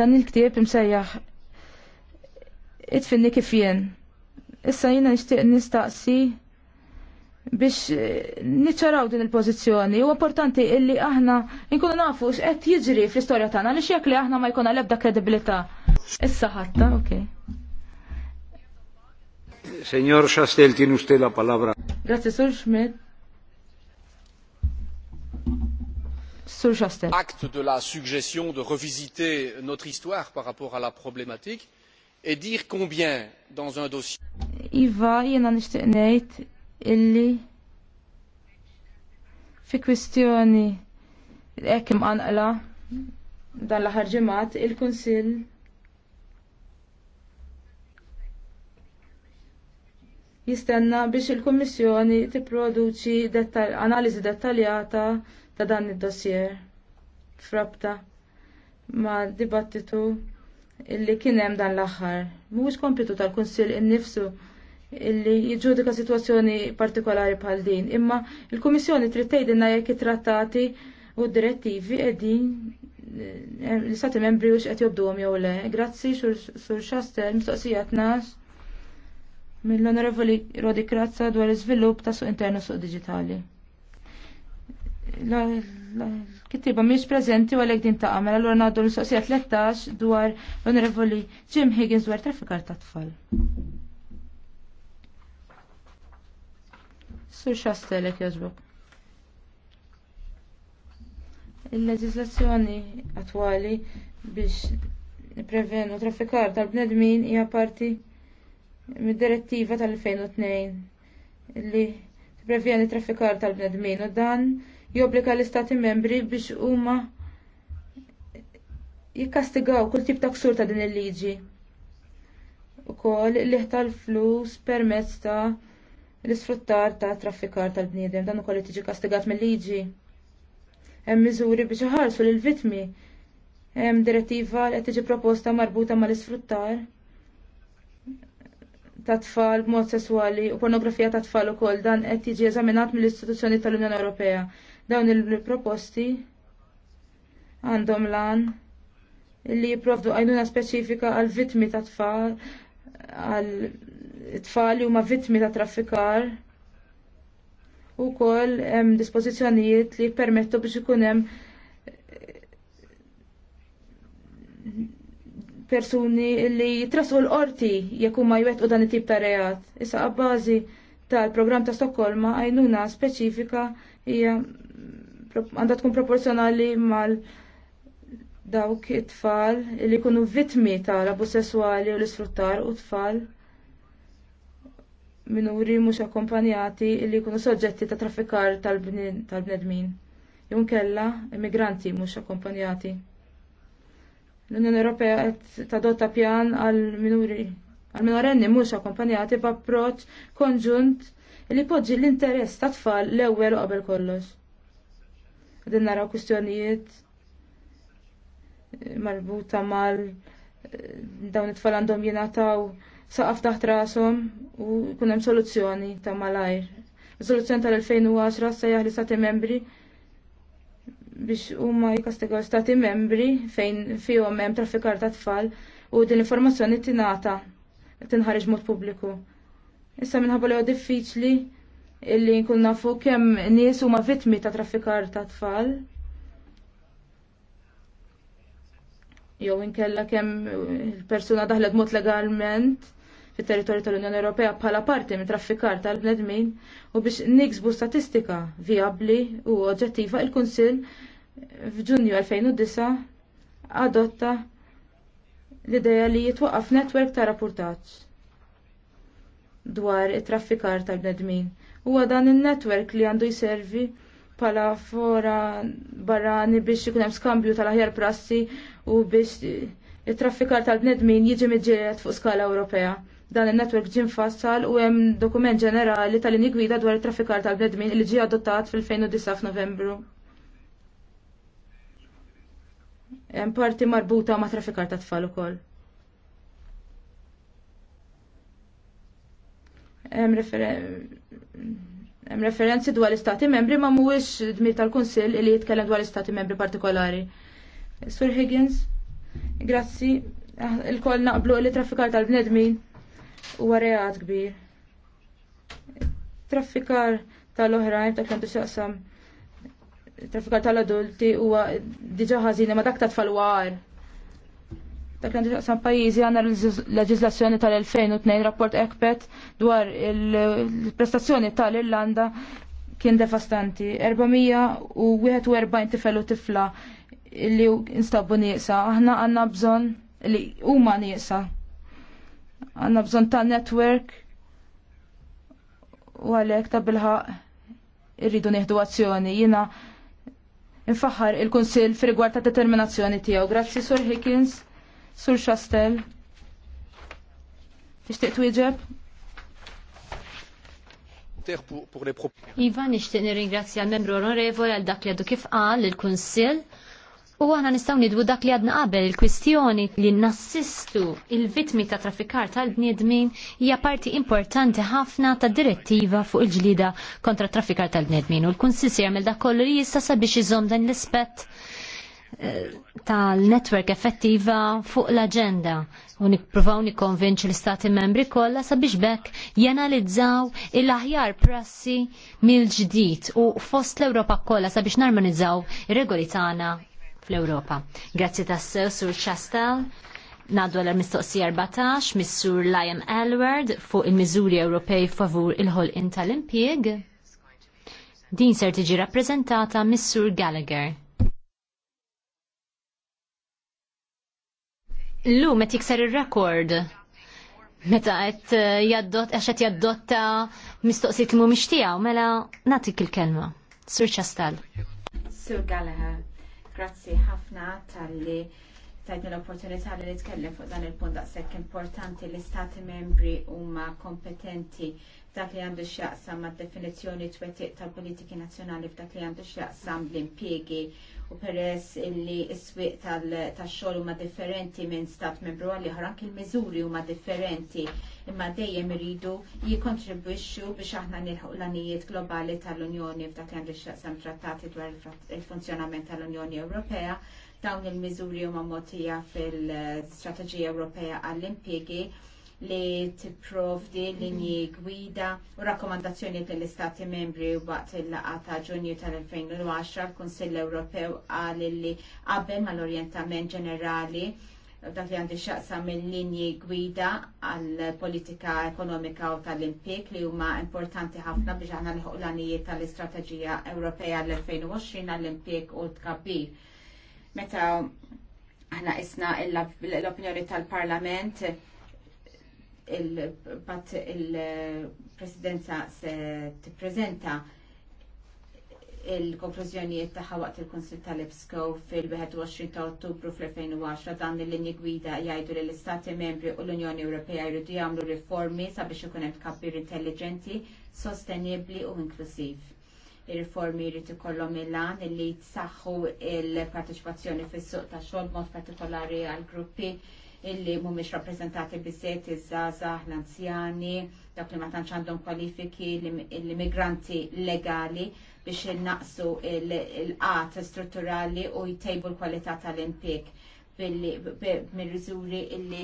Speaker 1: Dan il-ktib imsejjaħ itfinni kif jien. Issa jina nishtiq nistaqsi biex eh, niċċaraw din il pozizjoni u importanti illi aħna nkunu nafu x'qed jiġri fl-istorja tagħna li jekk li aħna ma jkollna l-ebda kredibilità. Issa ħatta, eh? ok.
Speaker 2: Senjor Chastel, tiene usted la palabra.
Speaker 1: Grazie, Sur Schmidt. Sur Chastel.
Speaker 2: Acte de la suggestion de revisiter notre histoire par rapport à la problématique et dire combien dans un dossier.
Speaker 1: Iva, jena nishtiq ngħid illi fi kwistjoni hekk anqla dan l-aħħar ġimgħat il-Kunsill jistenna biex il-Kummissjoni tipproduċi dettal analiżi dettaljata ta' dan id-dossier frabta ma' dibattitu illi kien hemm dan l-aħħar. Mhuwiex kompitu tal-Kunsill innifsu illi jġudika situazzjoni partikolari bħal din. Imma il-Kummissjoni trid tgħidilna jekk it-trattati u d-direttivi qegħdin eh, l-istati membri u x'qed jobduhom jew le. Grazzi sur Xaster mistoqsija tnax mill-Onorevoli Rodi Krazza dwar iżvilupp ta' suq internu suq diġitali. Kittiba miex preżenti u għalek din ta' għamel, għallur naddu l-soqsija 13 dwar l-onorevoli Jim Higgins dwar traffikar ta' tfal. Sur xastelek jazbok. Il-leġislazzjoni attwali biex prevenu traffikar tal-bnedmin hija parti mid-direttiva tal-2002 li prevjeni traffikar tal-bnedmin u dan jobbliga l-istati membri biex huma jikkastigaw kull tip ta' ksur ta' din il-liġi. Ukoll liħ tal-flus permezz ta' l-isfruttar ta' traffikar tal-bniedem dan ukoll tiġi kastigat mill-liġi. Hemm miżuri biex iħarsu lil vittmi. Hemm direttiva li qed tiġi proposta marbuta mal-isfruttar ta' tfal b'mod sesswali u pornografija ta' tfal ukoll dan qed jiġi eżaminat mill-istituzzjoni tal-Unjoni Ewropea. Dawn il-proposti għandhom lan li jipprovdu għajnuna speċifika għal vittmi ta' tfal għal tfali huma vittmi ta' traffikar u kol hemm dispożizzjonijiet li permettu biex ikun hemm eh, persuni li jitrasu l-qorti jekk huma jwettqu dan it-tip ta' reat. Issa għabbażi tal-programm ta' Stokkolma għajnuna speċifika hija għandha tkun proporzjonali mal dawk it-tfal li jkunu vittmi tal-abus sesswali u l-isfruttar u tfal minuri mhux akkompanjati li jkunu soġġetti ta' traffikar tal-bnedmin. Jew kella immigranti mhux akkompanjati. L-Unjoni Ewropea qed tadotta pjan għal minuri għal minorenni mhux akkompanjati b'approċċ konġunt li poġġi l-interess ta' tfal l-ewwel u qabel kollox. Din naraw kwistjonijiet marbuta mal eh, dawn it-tfal għandhom jingħataw saqaf taħt rashom u jkun hemm soluzzjoni ta' malajr. Is-soluzzjoni tal-2010 sejjaħ li stati membri biex huma jkastigaw stati membri fejn fihom hemm traffikar ta' tfal u din informazzjoni tingħata tinħarġ mod pubbliku. Issa minħabba li diffiċli illi nkun nafu kemm nies huma vittmi ta' traffikar ta' tfal. Jew inkella kemm persuna daħlet mod legalment fit-territorju tal-Unjoni Ewropea bħala parti minn traffikar tal-bnedmin u biex niksbu statistika viabli u oġġettiva il-Kunsill f'Ġunju 2009 adotta l-ideja li jitwaqqaf netwerk ta' rapportaġġ dwar it-traffikar tal-bnedmin. Huwa dan il-netwerk li għandu jservi pala fora barrani biex ikun hemm skambju tal-aħjar prassi u biex it-traffikar tal-bnedmin jiġi miġġieled fuq skala Ewropea dan il-network ġim fassal u hemm dokument ġenerali tal-linji gwida dwar it-traffikar tal-bnedmin li ġie adottat fil-2009 f'Novembru. Hemm parti marbuta ma' traffikar ta' tfal ukoll. Hemm refer referenzi dwar l-istati membri ma mhuwiex dmir tal-Kunsill li jitkellem dwar l-istati membri partikolari. Sur Higgins, grazzi, ah, il-koll naqblu li traffikar tal-bnedmin huwa reat kbir. Traffikar tal-oħrajn ta' kantu xaqsam traffikar tal-adulti huwa diġà ħażina ma dak ta' tfal war. Dak kantu xaqsam pajjiżi għandna l-leġiżlazzjoni tal-2002 rapport ekpet dwar il-prestazzjoni tal-Irlanda kien devastanti. 441 tifel u tifla illi instabu nieqsa. Aħna għandna bżonn li huma nieqsa għanna bżon ta' network u għalek ta' bilħa irridu nieħdu azzjoni. Jina infaħar il konsil fi rigward ta' determinazzjoni tiegħu. Grazzi Sur Higgins, Sur Chastel.
Speaker 2: Tixtieq twieġeb?
Speaker 1: Iva
Speaker 2: nixtieq nirringrazzja l-membru onorevoli għal dak li għadu kif qal il konsil U għana nistaw nidwu dak li għadna qabel il-kwistjoni li nassistu il-vitmi ta' trafikar tal-bniedmin hija parti importanti ħafna ta' direttiva fuq il-ġlida kontra trafikar tal-bniedmin. U l-kunsissi għamil da' kollu li jista' sabiex iżom dan l-ispett eh, tal-network effettiva fuq l-agenda u nippruvaw nikkonvinċu l-istati membri kollha sabiex bekk jenalizzaw il-aħjar prassi mill-ġdid u fost l-Ewropa kollha sabiex narmonizzaw ir-regoli tagħna fl-Europa. Grazzi tassew Sur Chastel, naddu għal-mistoqsija 14, Missur Lion Elward fuq il-Miżuri Ewropej favur il-ħolqin tal impieg Din ser tiġi rappreżentata Missur Gallagher. Lu, met qed jikser ir-rekord meta qed eh, jaddot, għaxet jaddotta mistoqsijiet l mhumiex tiegħu mela nagħtik il-kelma. Sur Chastel.
Speaker 3: Sur Gallagher, Grazzi ħafna tal-li tajna l-opportunità li nitkellem fuq dan il-punt daqshekk importanti li stati membri huma kompetenti f'dak li għandu x'jaqsam mad definizzjoni twettiq tal-politiki nazzjonali f'dak li għandu x'jaqsam l-impjiegi u peress li s-swieq tax-xogħol huma differenti minn stat membru għal ieħor anke l-miżuri huma differenti imma dejjem iridu jikkontribwixxu biex aħna nilħuq l-anijiet globali tal-Unjoni f'dak li għandu x'jaqsam trattati dwar il-funzjonament tal-Unjoni Ewropea Dawn il-miżuri huma mammotija fil-Strateġija Ewropea għall impiegi li tipprovdi linji gwida u rakkomandazzjoni lill istati membri waqt il laqgħa ta' ġunju tal-2010 l-Kunsill Ewropew qal li qabel mal-orjentament ġenerali dak li għandi xaqsa minn linji gwida għal politika ekonomika u tal-impik li huma importanti ħafna biex aħna l-ħuqlanijiet tal-istrateġija Ewropea l-2020 għall-impik u tkabbir. Meta aħna isna l-opinjoni tal-Parlament il-bat il-presidenza se tippreżenta il-konklużjonijiet tagħha waqt il-Konsil tal-EBSCO fil-21 ta' Ottubru fl-2010 dan il-linji gwida jgħidu li l-Istati membri u l-Unjoni Ewropea jridu jagħmlu riformi sabiex ikun hemm kapir intelligenti, sostenibbli u inklusiv ir-riformi jrid ikollhom il-lan li jsaħħu il-parteċipazzjoni fis-suq ta' xogħol mod partikolari għal gruppi illi mhumiex rappreżentati biżejt iż-żgħażagħ, l-anzjani, dawk li ma tantx għandhom kwalifiki, l-immigranti legali biex innaqsu l-qat strutturali u jtejbu l-kwalità tal-impjeg mill-riżuri illi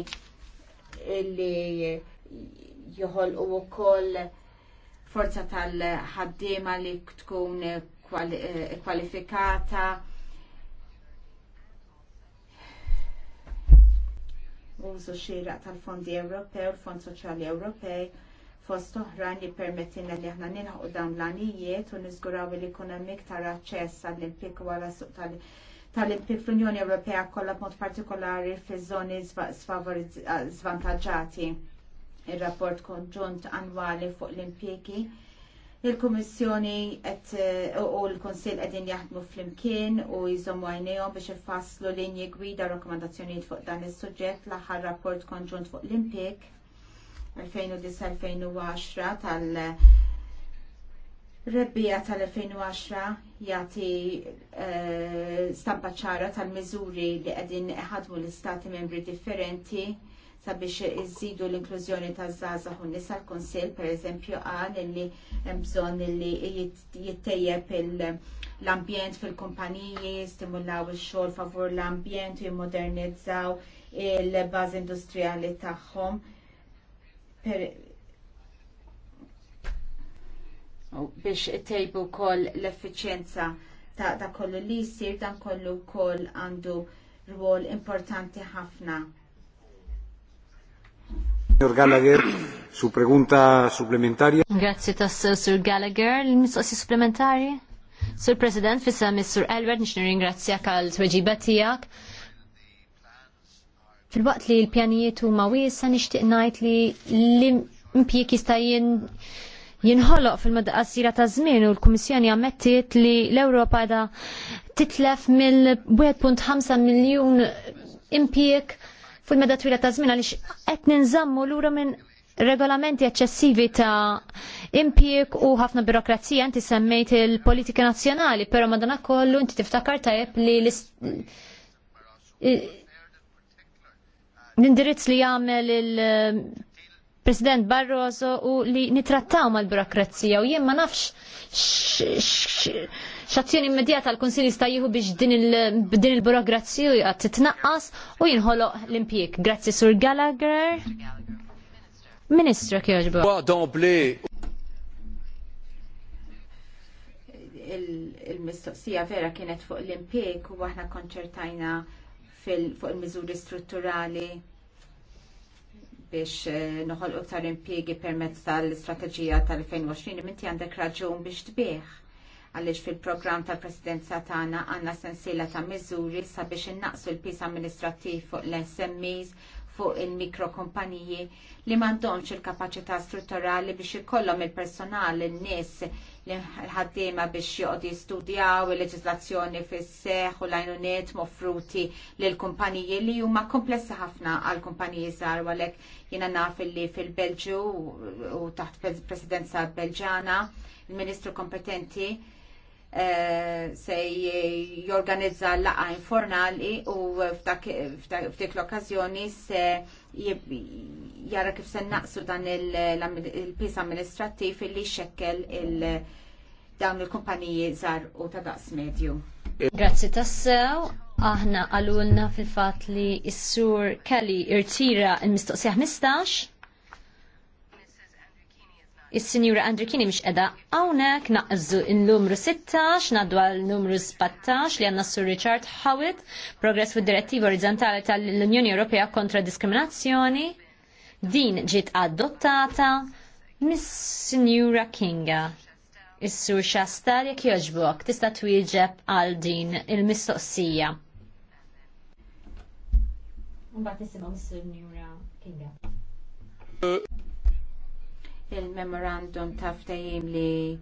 Speaker 3: illi joħolqu wkoll forza tal-ħaddiema li tkun eh, kwalifikata. Użu xieraq tal-Fondi Ewropew, l-Fond Soċjali Ewropej, fost oħrajn li permettina li aħna nilħu dawn l-għanijiet u niżguraw li jkun hemm iktar aċċess għall impik wara suq tal- tal fl-Unjoni Ewropea kollha b'mod partikolari fiż-żoni svantaġġati. Eh, il-rapport konġunt annwali fuq l-impjegi. Il-Kummissjoni eh, u l-Konsil qegħdin jaħdmu fl-imkien u jizomu għajnejhom biex ifasslu linji gwida rakkomandazzjonijiet fuq dan is-suġġett l-aħħar rapport konġunt fuq l impiek 2010 2010 tal- Rebbija tal-2010 jati stampa ċara tal-miżuri li qegħdin ħadmu l-istati membri differenti sabiex iżidu l-inklużjoni ta' zaza u nisa l-konsil per eżempju għal li bżon li jittejjeb l-ambjent fil-kumpaniji, stimulaw il-xol favur l-ambjent u jimmodernizzaw il baz industrijali tagħhom. Oh, biex tejbu kol l efficienza ta' da kollu li jisir dan kollu kol għandu rwol importanti ħafna
Speaker 2: Signor Gallagher, su pregunta supplementari. Grazie tassew Sur Gallagher, l-mistoqsi supplementari. Sur President, fissa Mr. Elbert, nix nirringrazzjak għal tweġiba tijak. Fil-waqt li l-pjanijiet u ma wisa nishtiq najt li l-impjek jista jinħoloq fil-madqasira ta' żmien u l-Kummissjoni ammettiet li l-Ewropa da titlef mill-1.5 miljun impjek fuq meda twila ta' żmien għaliex qed ninżammu lura minn regolamenti eccessivi ta' impjek u ħafna birokrazija inti semmejt il-politika nazzjonali, pero madana kollu inti tiftakar tajjeb li l-indirizz li jagħmel il-President Barroso u li nitrattaw mal-birokrazija u jien ma nafx x'azzjoni immedjata l kunsilli jista' jieħu biex din il-burokrazija titnaqqas u jinħolo l-impjieg. Grazzi Sur Gallagher. Ministru kjoġbu.
Speaker 3: il-mistoqsija vera kienet fuq l impjieg u aħna konċertajna fuq il-miżuri strutturali biex eh, noħolqu iktar impjiegi permezz tal-istrateġija tal-2020 minti għandek raġun biex tbieħ għaliex fil-programm tal-presidenza tagħna għandna sensiela ta' miżuri sabiex innaqsu l-pis amministrattiv fuq l-SMEs fuq il mikrokompanijie li m'għandhomx il-kapaċità strutturali biex ikollhom il-personal in-nies li ħaddiema biex joqgħdu jistudjaw il-leġiżlazzjoni fis-seħħ u l-għajnuniet mofruti lil kumpaniji li huma komplessi ħafna għal kumpaniji żgħar għalhekk jiena naf li fil-Belġu u taħt presidenza Belġana il-Ministru kompetenti Eh, se jorganizza laqa informali u f'dik l-okkazjoni se jara kif se naqsu dan il-pis amministrattiv illi xekkel dawn il-kumpaniji żar u ta' daqs medju. Grazzi tassew,
Speaker 2: aħna għalulna fil-fat li s-sur Kelly irtira il-mistoqsija 15 Is-Sinjura Andri Andrikini mhix edha hawnhekk naqżu n-numru 16 ngħaddu għal numru 17 li għandna Sur Richard Howitt, progress fid-direttiva orizzontali tal-Unjoni Ewropea kontra diskriminazzjoni. Din ġiet adottata mis-Sinjura Kinga. Is-Sur Shastar jekk jogħġbok tista' twieġeb għal din il-mistoqsija. Mbagħad nisimgħu mis-Sinjura Kinga
Speaker 3: il-memorandum ta' ftajim li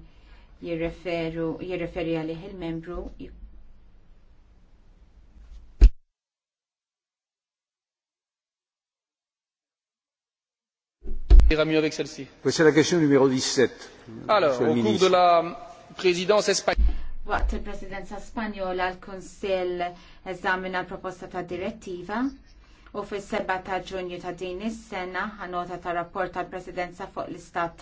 Speaker 3: jirreferi għalih il-membru
Speaker 2: Questa è la questione numero 17. au cours de la présidence
Speaker 3: Waqt il-presidenza spanjola l-Konsil eżamina l-proposta ta' direttiva u fis-7 ta' Ġunju ta' din is-sena ħanota ta' rapport tal-Presidenza fuq l-istat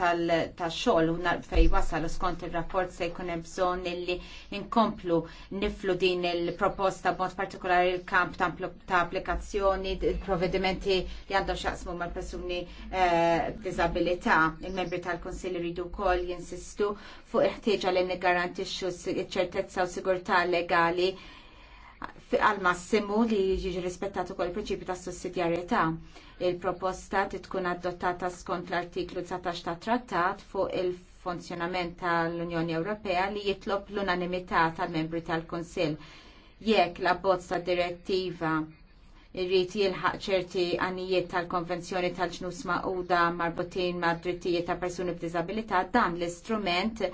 Speaker 3: tax-xogħol u nar fej wasal skont ir-rapport se jkun hemm bżonn illi inkomplu niflu din il-proposta b'mod partikolari il-kamp ta' applikazzjoni, il-provvedimenti li għandhom x'jaqsmu mal persuni eh, b'diżabilità. Il-membri tal-Kunsill iridu wkoll jinsistu fuq iħtieġa ħtieġa li niggarantixxu ċertezza u sigurtà legali għal massimu li jiġi rispettat ukoll il-prinċipju ta' sussidjarjetà. Il-proposta tkun adottata skont l-artiklu 19 ta' trattat fuq il-funzjonament tal-Unjoni Ewropea li jitlob l-unanimità tal-membri tal-Kunsill. Jekk l-abbozz direttiva irrid jilħaq ċerti għanijiet tal-konvenzjoni tal-ġnus ma'uda marbutin ma' drittijiet ta' persuni b'diżabilità, dan l-istrument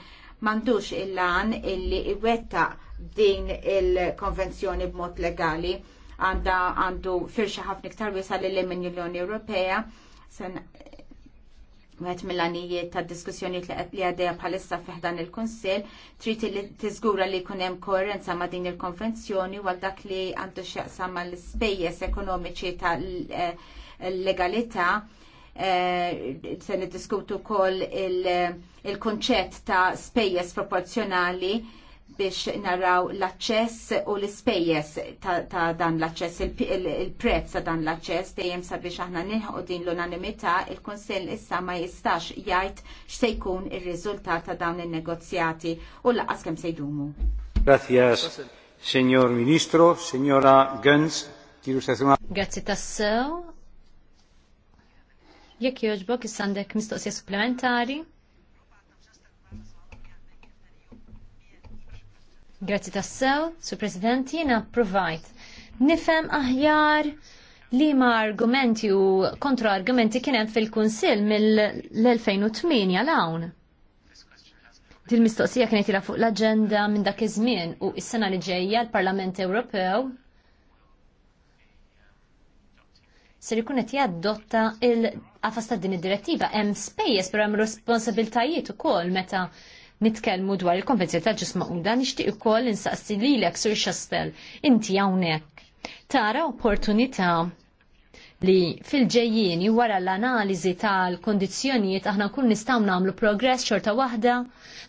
Speaker 3: mandux il-lan illi iwetta din il-konvenzjoni b'mod legali għanda għandu firxa ħafna iktar wiesa li l-Unjoni Ewropea sen Għet mill-għanijiet ta' diskussjoni li għadeja bħalissa fiħdan il-Konsil, trid li tiżgura li kunem koerenza ma' din il-konvenzjoni għal dak li għandu xieqsa ma' l-spejjes ekonomiċi ta' eh, legalità Eh, se niddiskutu wkoll il-konċett ta' spejjeż proporzjonali biex naraw l-aċċess u l-ispejjeż ta' dan l-aċċess, il-prezz ta' dan l-aċċess dejjem sabiex aħna nilħu din l-unanimità, il-Kunsill issa ma jistax jgħid x'se jkun ir-riżultat ta' dawn in-negozjati u laqas kemm se jdumu.
Speaker 2: Gracias, Signor Ministro, Signora Gönz, Grazie tassew, Jekk jogħġbok issa għandek mistoqsija supplementari. Grazzi tassew, su President, jiena provajt. Nifhem aħjar li ma argumenti u kontra-argumenti kienem fil-Kunsil mill-2008 għal-għawn. Dil mistoqsija kienet ila fuq l-agenda minn dak iż-żmien u s-sena li ġejja l-Parlament Ewropew ser ikun qed jadotta il fil-qafas ta' din id-direttiva hemm spejjeż però hemm responsabiltajiet ukoll meta nitkellmu dwar il-konvenzjoni ta' ġisma' dan nixtieq ukoll insaqsi lilek sur xastel inti hawnhekk tara opportunità li fil-ġejjini wara l-analiżi tal-kondizzjonijiet aħna kun nistgħu nagħmlu progress xorta waħda,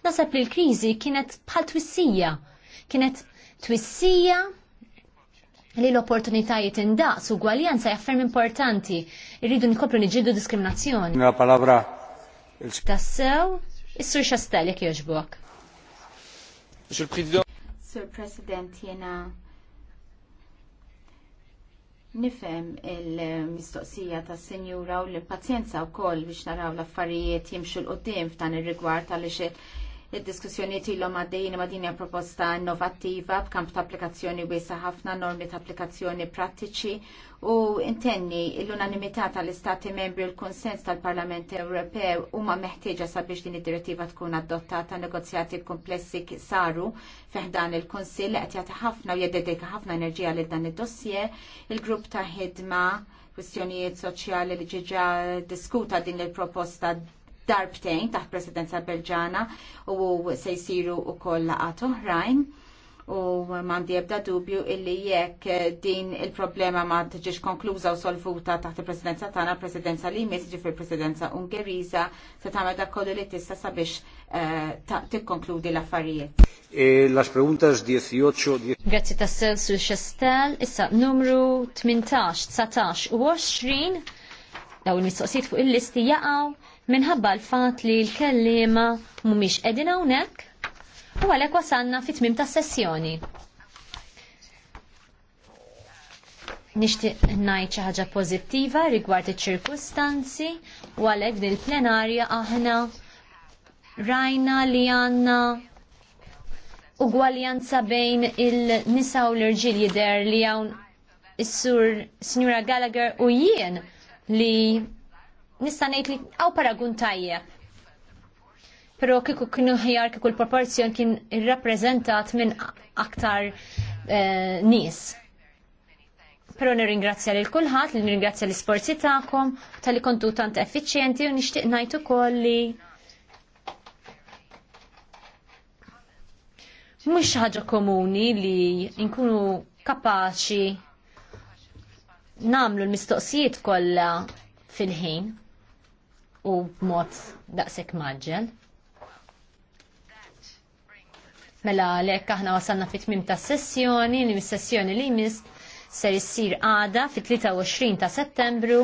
Speaker 2: nasab li l-kriżi kienet bħal twissija. Kienet twissija li l-opportunitajiet indaqs ugwaljanza jaffermi importanti irridu nkopru niġġieldu diskriminazzjoni. La palabra. Tassew, is-sur xastel jekk jogħġbok. Sur
Speaker 3: President, jena nifem il-mistoqsija ta' senjura u l-pazjenza u koll biex naraw l-affarijiet jimxu l-qoddim f'dan ir-rigward tal-ixet il diskussjoni tilhom għaddejjin ma' dinja proposta innovativa b'kamp ta' applikazzjoni wiesa ħafna normi ta' applikazzjoni prattiċi u intenni l-unanimità tal-Istati membri u l-konsens tal-Parlament Ewropew huma meħtieġa sabiex din id-direttiva tkun adottata negozjati komplessi saru feħdan il-Konsill qed jagħti ħafna u jeddedika ħafna enerġija lil dan id-dossier, il-grupp ta' ħidma kwistjonijiet soċjali li ġiġa diskuta din il-proposta darbtejn taħt presidenza belġana u se jsiru wkoll laqat oħrajn u mandi ebda dubju illi jekk din il-problema ma tiġix konkluża u solvuta taħt il-presidenza tagħna presidenza li jmiss ġifir presidenza Ungeriża se tagħmel dak kollu li tista' sabiex eh,
Speaker 2: tikkonkludi l-affarijiet. E, las preguntas 18. Grazzi ta' sul xestel, issa numru 18, 19 u 20 daw il-mistoqsijiet fuq il-listi jaqgħu minħabba l-fat li l-kellima mumiex edin hawnhekk u għalhekk wasanna fit tmim tas sessjoni. Nixtieq ngħid xi ħaġa pożittiva rigward iċ-ċirkustanzi u għalhekk din il-plenarja aħna rajna li għandna ugwaljanza bejn il-nisa u l-irġil jidher li hawn is-sur Signora Gallagher u jien li nista' ngħid li hawn paragun tajjeb. Però kieku kienu ħjar kieku l-proporzjon kien irrappreżentat minn aktar eh, nies. Però nirringrazzja lil kulħadd, li nirringrazzja l-isforzi tagħkom, tal-li kontu tant effiċjenti u nixtieq ngħid ukoll li mhux ħaġa komuni li nkunu kapaċi namlu l-mistoqsijiet kollha fil-ħin u b'mod daqshekk maġġel. Mela lek aħna wasanna fit mim ta' sessjoni, li mis-sessjoni li mis ser issir għada fit-23 ta' settembru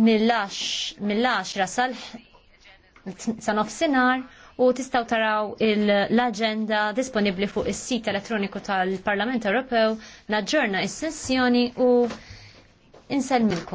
Speaker 2: mill-10 sal sa' nofsinhar u tistaw taraw l-agenda disponibli fuq is-sit elettroniku tal-Parlament Ewropew naġġorna is-sessjoni u inselmilkom.